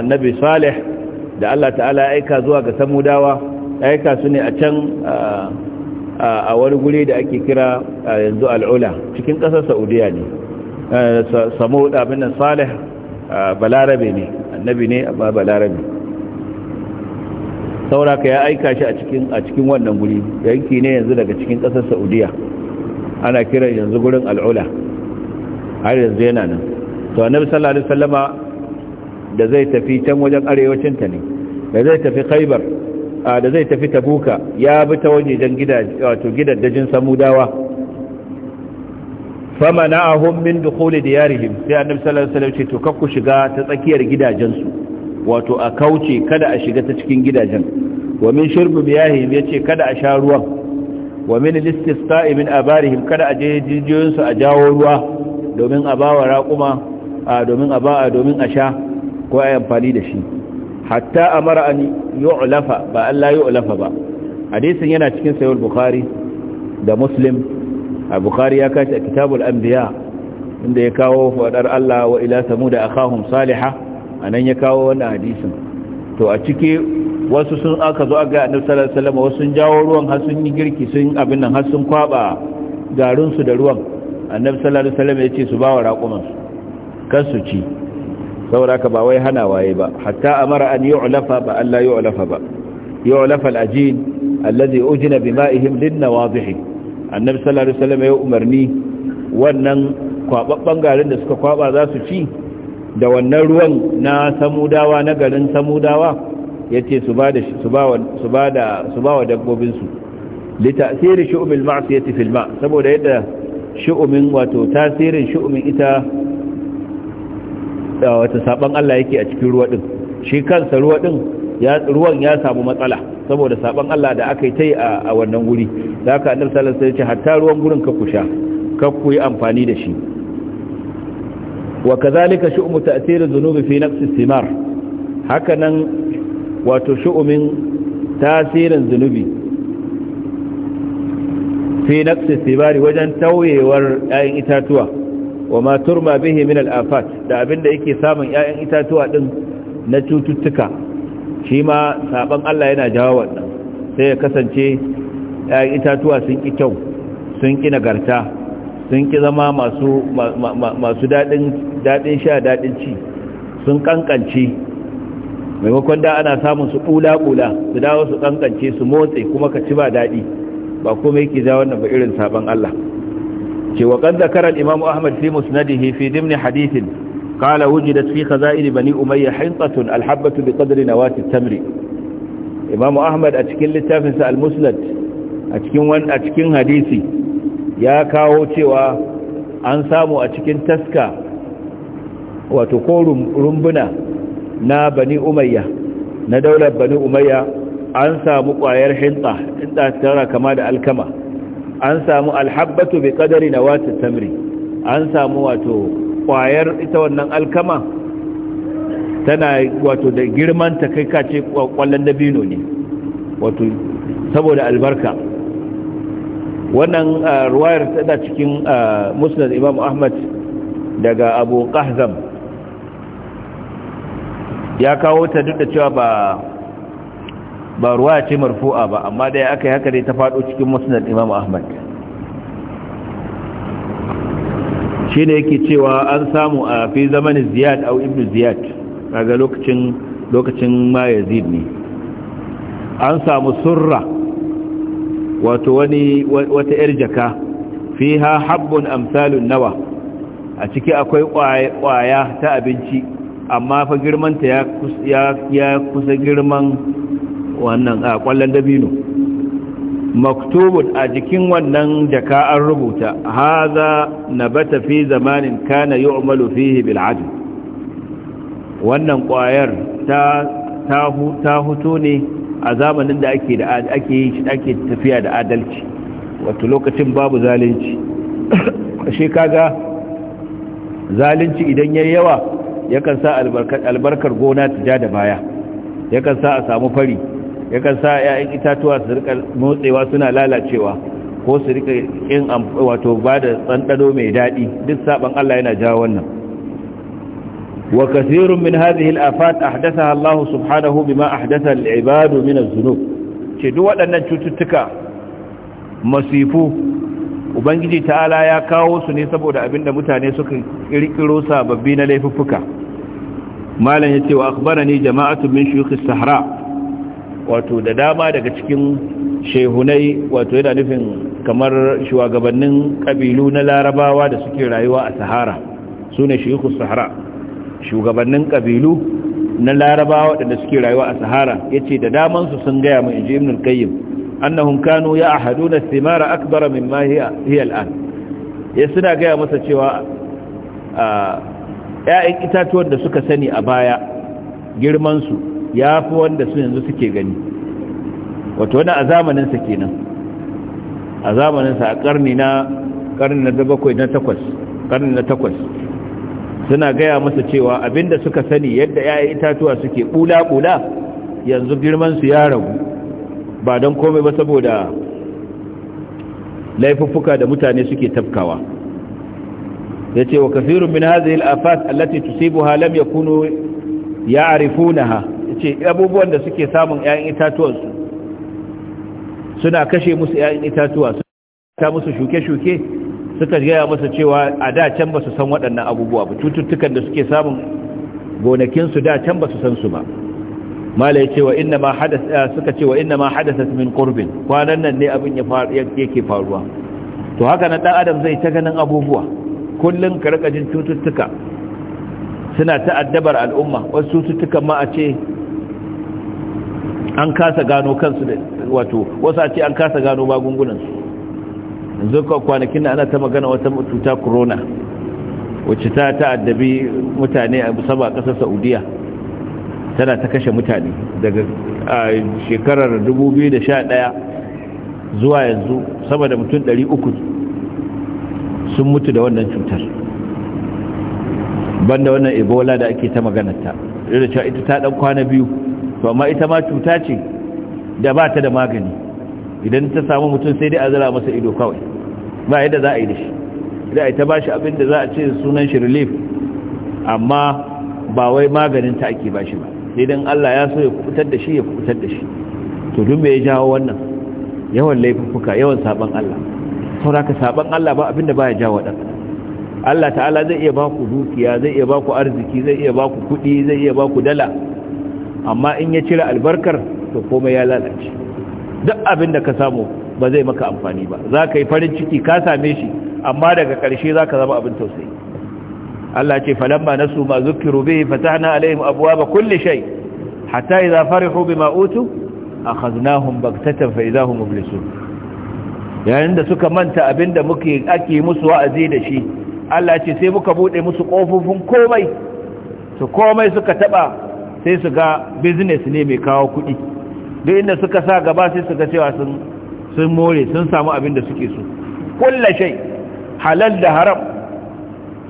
النبي صالح da Allah ta'ala aika zuwa ga samudawa aika su ne a can a wani guri da ake kira yanzu al'ula cikin ƙasar saudiya ne samuda bin salih balarabe ne annabi ne amma balarabe sauraka ya aika shi a cikin wannan guri yanki ne yanzu daga cikin ƙasar saudiya ana kiran yanzu gurin al'ula har yanzu yana nan to annabi sallallahu alaihi wasallama da zai tafi can wajen arewacin ta ne da zai tafi khaybar da zai tafi tabuka ya bi ta dan gidaje wato dajin samudawa famana'ahum min dukhuli diyarihim sai annabi sallallahu alaihi wasallam ce to kakku shiga ta tsakiyar gidajensu wato a kauce kada a shiga ta cikin gidajen wa min shurbi biyahim yace kada a sha ruwan wa min istisqa'i min abarihim kada a je jijiyoyinsu a jawo ruwa domin a bawa raquma domin a ba'a domin a sha ko a amfani da shi hatta amara an yu'lafa ba Allah yu'lafa ba hadisin yana cikin sahih bukhari da muslim a bukari ya kashi a kitabul anbiya inda ya kawo faɗar Allah wa da akahun saliha a anan ya kawo wani hadisin to a ciki wasu sun aka zo aga annabi sallallahu alaihi wasallam wasu sun jawo ruwan har sun yi girki sun abin nan har sun kwaba da ruwan annabi sallallahu alaihi ya ce su bawa raƙuman su kan su ci saboda ka ba wai hana waye ba hatta amara an ulafa, ba Allah ulafa ba Yi ulafa ajin alladhi ujina bima'ihim lin nawadhihi annabi sallallahu alaihi wasallam ya umarni wannan kwababban garin da suka kwaba za su ci da wannan ruwan na samudawa na garin samudawa yace su ba da su ba su ba da su ba wa dabbobin su li ta'siri shu'bil ma'siyati fil ma' saboda yadda shu'umin wato tasirin shu'umin ita wata saban Allah yake a cikin ruwa din shi kansa ruwa din ya ruwan ya samu matsala saboda saban Allah da aka yi ta yi a wannan wuri, da aka annabi sallallahu alaihi wasallam ya ce hatta ruwan gurin ka kusha ka ku yi amfani da shi wa kazalika shu'mu ta'sir dhunubi fi nafsi simar haka nan wato shu'umin tasirin zunubi fi nafsi Simari wajen tauyewar ayin itatuwa wa ma turma bihi min al-afat da abinda yake samun ayin itatuwa din na cututtuka shi ma saban Allah yana jawo wannan sai ya kasance ‘ya'yan itatuwa sun ƙi kyau sun ƙi nagarta sun ƙi zama masu daɗin sha daɗin ci sun ƙanƙance maimakon da ana samun su ƙula-ƙula su dawo su ƙanƙance su motsi kuma ka ci ba daɗi ba kuma yake jawo wannan ba irin saban Allah ce wa zakarar imamu ahmad fi musnadihi fi dimni hadithin قال وجدت في خزائن بني أمية حنطة الحبة بقدر نواة التمر إمام أحمد أتكين للتافنس المسلد أتكين, وان أتكين هديثي يا كاوتي وأنسامو أتكين تسكى وتقول رمبنا نا بني أمية na daular bani umayya an samu ƙwayar hinta hinta tara kama da alkama an samu alhabbatu bi qadari nawati tamri an samu wato kwayar ita wannan alkama tana wato da girman ta kai kace kwallon dabino ne wato saboda albarka wannan ruwayar tana cikin musnad imam ahmad daga abu qahzam ya kawo ta duk da cewa ba ba ruwaya ce marfu'a ba amma dai aka yi haka dai ta faɗo cikin musnad imam ahmad ne yake cewa an samu a fi zamanin ziyad au ibn ziyad daga lokacin lokacin ma ne an samu surra wato wani wata yar jaka fiha habbun amsalun nawa a ciki akwai kwaya ta abinci amma fa girmanta ya ya kusa girman wannan a kwallon dabino maktubun a jikin wannan jaka an rubuta haza nabata fi zamanin kana yi fihi bil bil'adun wannan kwayar ta hutu ne a zamanin da ake tafiya da adalci wato lokacin babu zalunci shi kaga zalunci idan yayi yawa yakan sa albarkar gona ta ja da baya yakan sa a samu fari yakan sa 'ya'yan itatuwa su rika motsewa suna lalacewa ko su rika yin wato ba da mai daɗi duk saban Allah yana jawo wannan wa kasirun min hadhihi al-afat ahdathaha Allah subhanahu bima ahdatha al-ibad min az-zunub ce duk waɗannan cututtuka masifu ubangiji ta'ala ya kawo su ne saboda abinda mutane suka kirkiro sababbi na laifuffuka malam yace wa akhbarani jama'atu min shuyukh as-sahra wato da dama daga cikin shehunai wato yana nufin kamar shugabannin kabilu na larabawa da suke rayuwa a sahara su ne shehu sahara shugabannin kabilu na larabawa da suke rayuwa a sahara ya ce da damansu sun gaya mai inji ibn kayyum an kanu ya ahadu na simara akbara min ma hiya al'an ya suna gaya masa cewa ah, ‘ya'yan itatuwan da suka sani a baya girmansu ya fi wanda su yanzu suke gani wato wani a zamaninsa kenan a zamaninsa a karni na karni na bakwai na takwas karni na takwas suna gaya masa cewa abinda suka sani yadda ‘ya'yan itatuwa suke ɓula-ɓula yanzu girmansu ya ragu ba don komai ba saboda laifuffuka da mutane suke tafkawa ya ce wa kafirun min hazihil afat allati ya arifu na ha. ce abubuwan da suke samun 'ya'yan itatuwarsu suna kashe musu 'ya'yan itatuwa ta musu shuke-shuke suka gaya masa cewa a da can ba su san waɗannan abubuwa ba cututtukan da suke samun gonakinsu da can ba su san su ba mala ya cewa inna ma hadasa eh, suka cewa inna ma hadasa min qurbin kwanan nan ne abin yake faruwa to haka nan dan adam zai ta ganin abubuwa kullun ka jin cututtuka suna ta'addabar al'umma wasu cututtukan ma a ce an kasa gano kansu da wato wasu a ce an kasa gano magungunansu yanzu kwanakin na ana ta magana wata cuta corona wacce ta ta'addabi mutane a musamman a ƙasar saudiya tana ta kashe mutane daga shekarar 2011 zuwa yanzu sama da mutum 300 sun mutu da wannan cutar banda wannan ebola da ake ta maganarta da cewa ita ta ɗan kwana biyu to amma ita ma cuta ce da ba ta da magani idan ta samu mutum sai dai a zira masa ido kawai ba yadda za a yi da shi idan a ta ba shi abin da za a ce sunan shi relief amma ba wai maganin ta ake ba shi ba sai dan Allah ya so ya kubutar da shi ya kubutar da shi to duk me ya jawo wannan yawan laifuka yawan saban Allah sauraka saban Allah ba abin da baya jawo dan Allah ta'ala zai iya baku dukiya zai iya baku arziki zai iya baku kudi zai iya baku dala amma in ya cire albarkar to komai ya lalace duk abin da ka samu ba zai maka amfani ba za ka yi farin ciki ka same shi amma daga ƙarshe za ka zama abin tausayi Allah ce falamma nasu ma zukiru bihi fatahna alaihim abwaaba kulli shay hatta idza farihu bima utu akhadnahum baghtatan fa idza hum mublisun yayin da suka manta abinda muke ake musu wa'azi da shi Allah ce sai muka bude musu kofofin komai su komai suka taba sai su ga business ne mai kawo kuɗi duk inda suka sa gaba sai su ga cewa sun sun more sun samu abin da suke so kulla halal da haram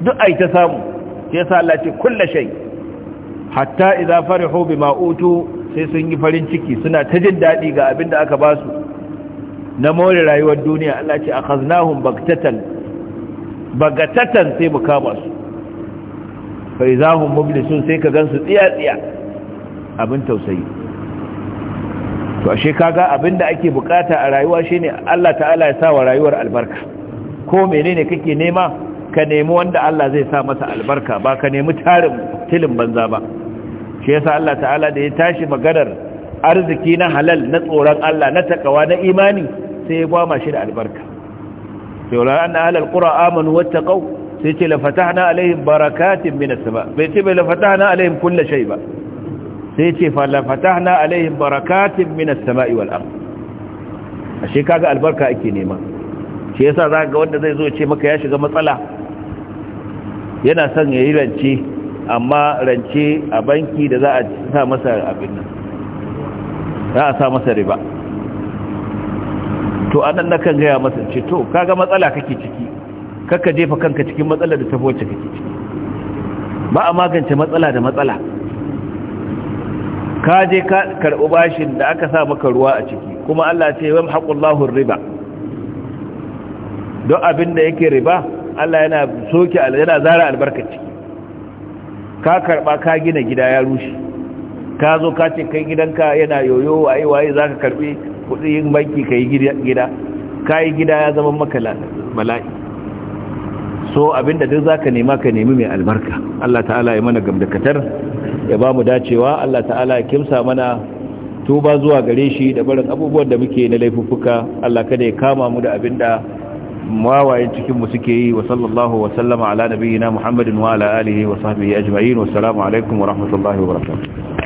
duk ai ta samu sai sa Allah ce hatta idza farihu bima utu sai sun yi farin ciki suna ta jin daɗi ga abin da aka basu. na more rayuwar duniya Allah ce akhaznahum bagtatan bagatatan sai mu kama su fa idza hum mublisun sai ka gansu tsiya tsiya abin tausayi to ashe kaga abin da ake bukata a rayuwa shine Allah ta'ala ya sa wa rayuwar albarka ko menene kake nema ka nemi wanda Allah zai sa masa albarka ba ka nemi tarin tilin banza ba shi yasa Allah ta'ala da ya tashi maganar arziki na halal na tsoron Allah na takawa na imani sai ya gwama shi da albarka yawla anna ahlal qura amanu wattaqu sai ce la fatahna alaihim barakatin minas sama bai ce bai la fatahna alaihim kullu shay ba sai ce fala fatahna alaihim barakatin minas sama'i wal ard ashe kaga albarka ake nema shi yasa zaka ga wanda zai zo ce maka ya shiga matsala yana son yayi rance amma rance a banki da za a sa masa abin nan za a sa masa riba to anan kan gaya masa ce to kaga matsala kake ciki kaka jefa kanka cikin matsalar da tafi wacce kake ciki ba a magance matsala da matsala ka je ka karɓi bashin da aka sa maka ruwa a ciki kuma Allah ce wa haƙullahun riba don abin da yake riba Allah yana soke yana zara albarkaci ka karɓa ka gina gida ya rushe ka zo ka ce kai gidanka yana yoyo waye waye za ka karɓi yin banki ka yi gida ka yi gida ya zama maka mala'i so abinda duk zaka nema ka nemi mai albarka Allah ta'ala ya mana gamdakatar ya ba mu dacewa Allah ta'ala ya kimsa mana tuba zuwa gare shi da barin abubuwan da muke na laifuffuka Allah kada ya kama mu da abinda mawayen cikin mu suke yi wa sallallahu wa sallama ala nabiyina Muhammadin wa ala alihi wa sahbihi ajma'in wa assalamu alaikum wa rahmatullahi wa barakatuh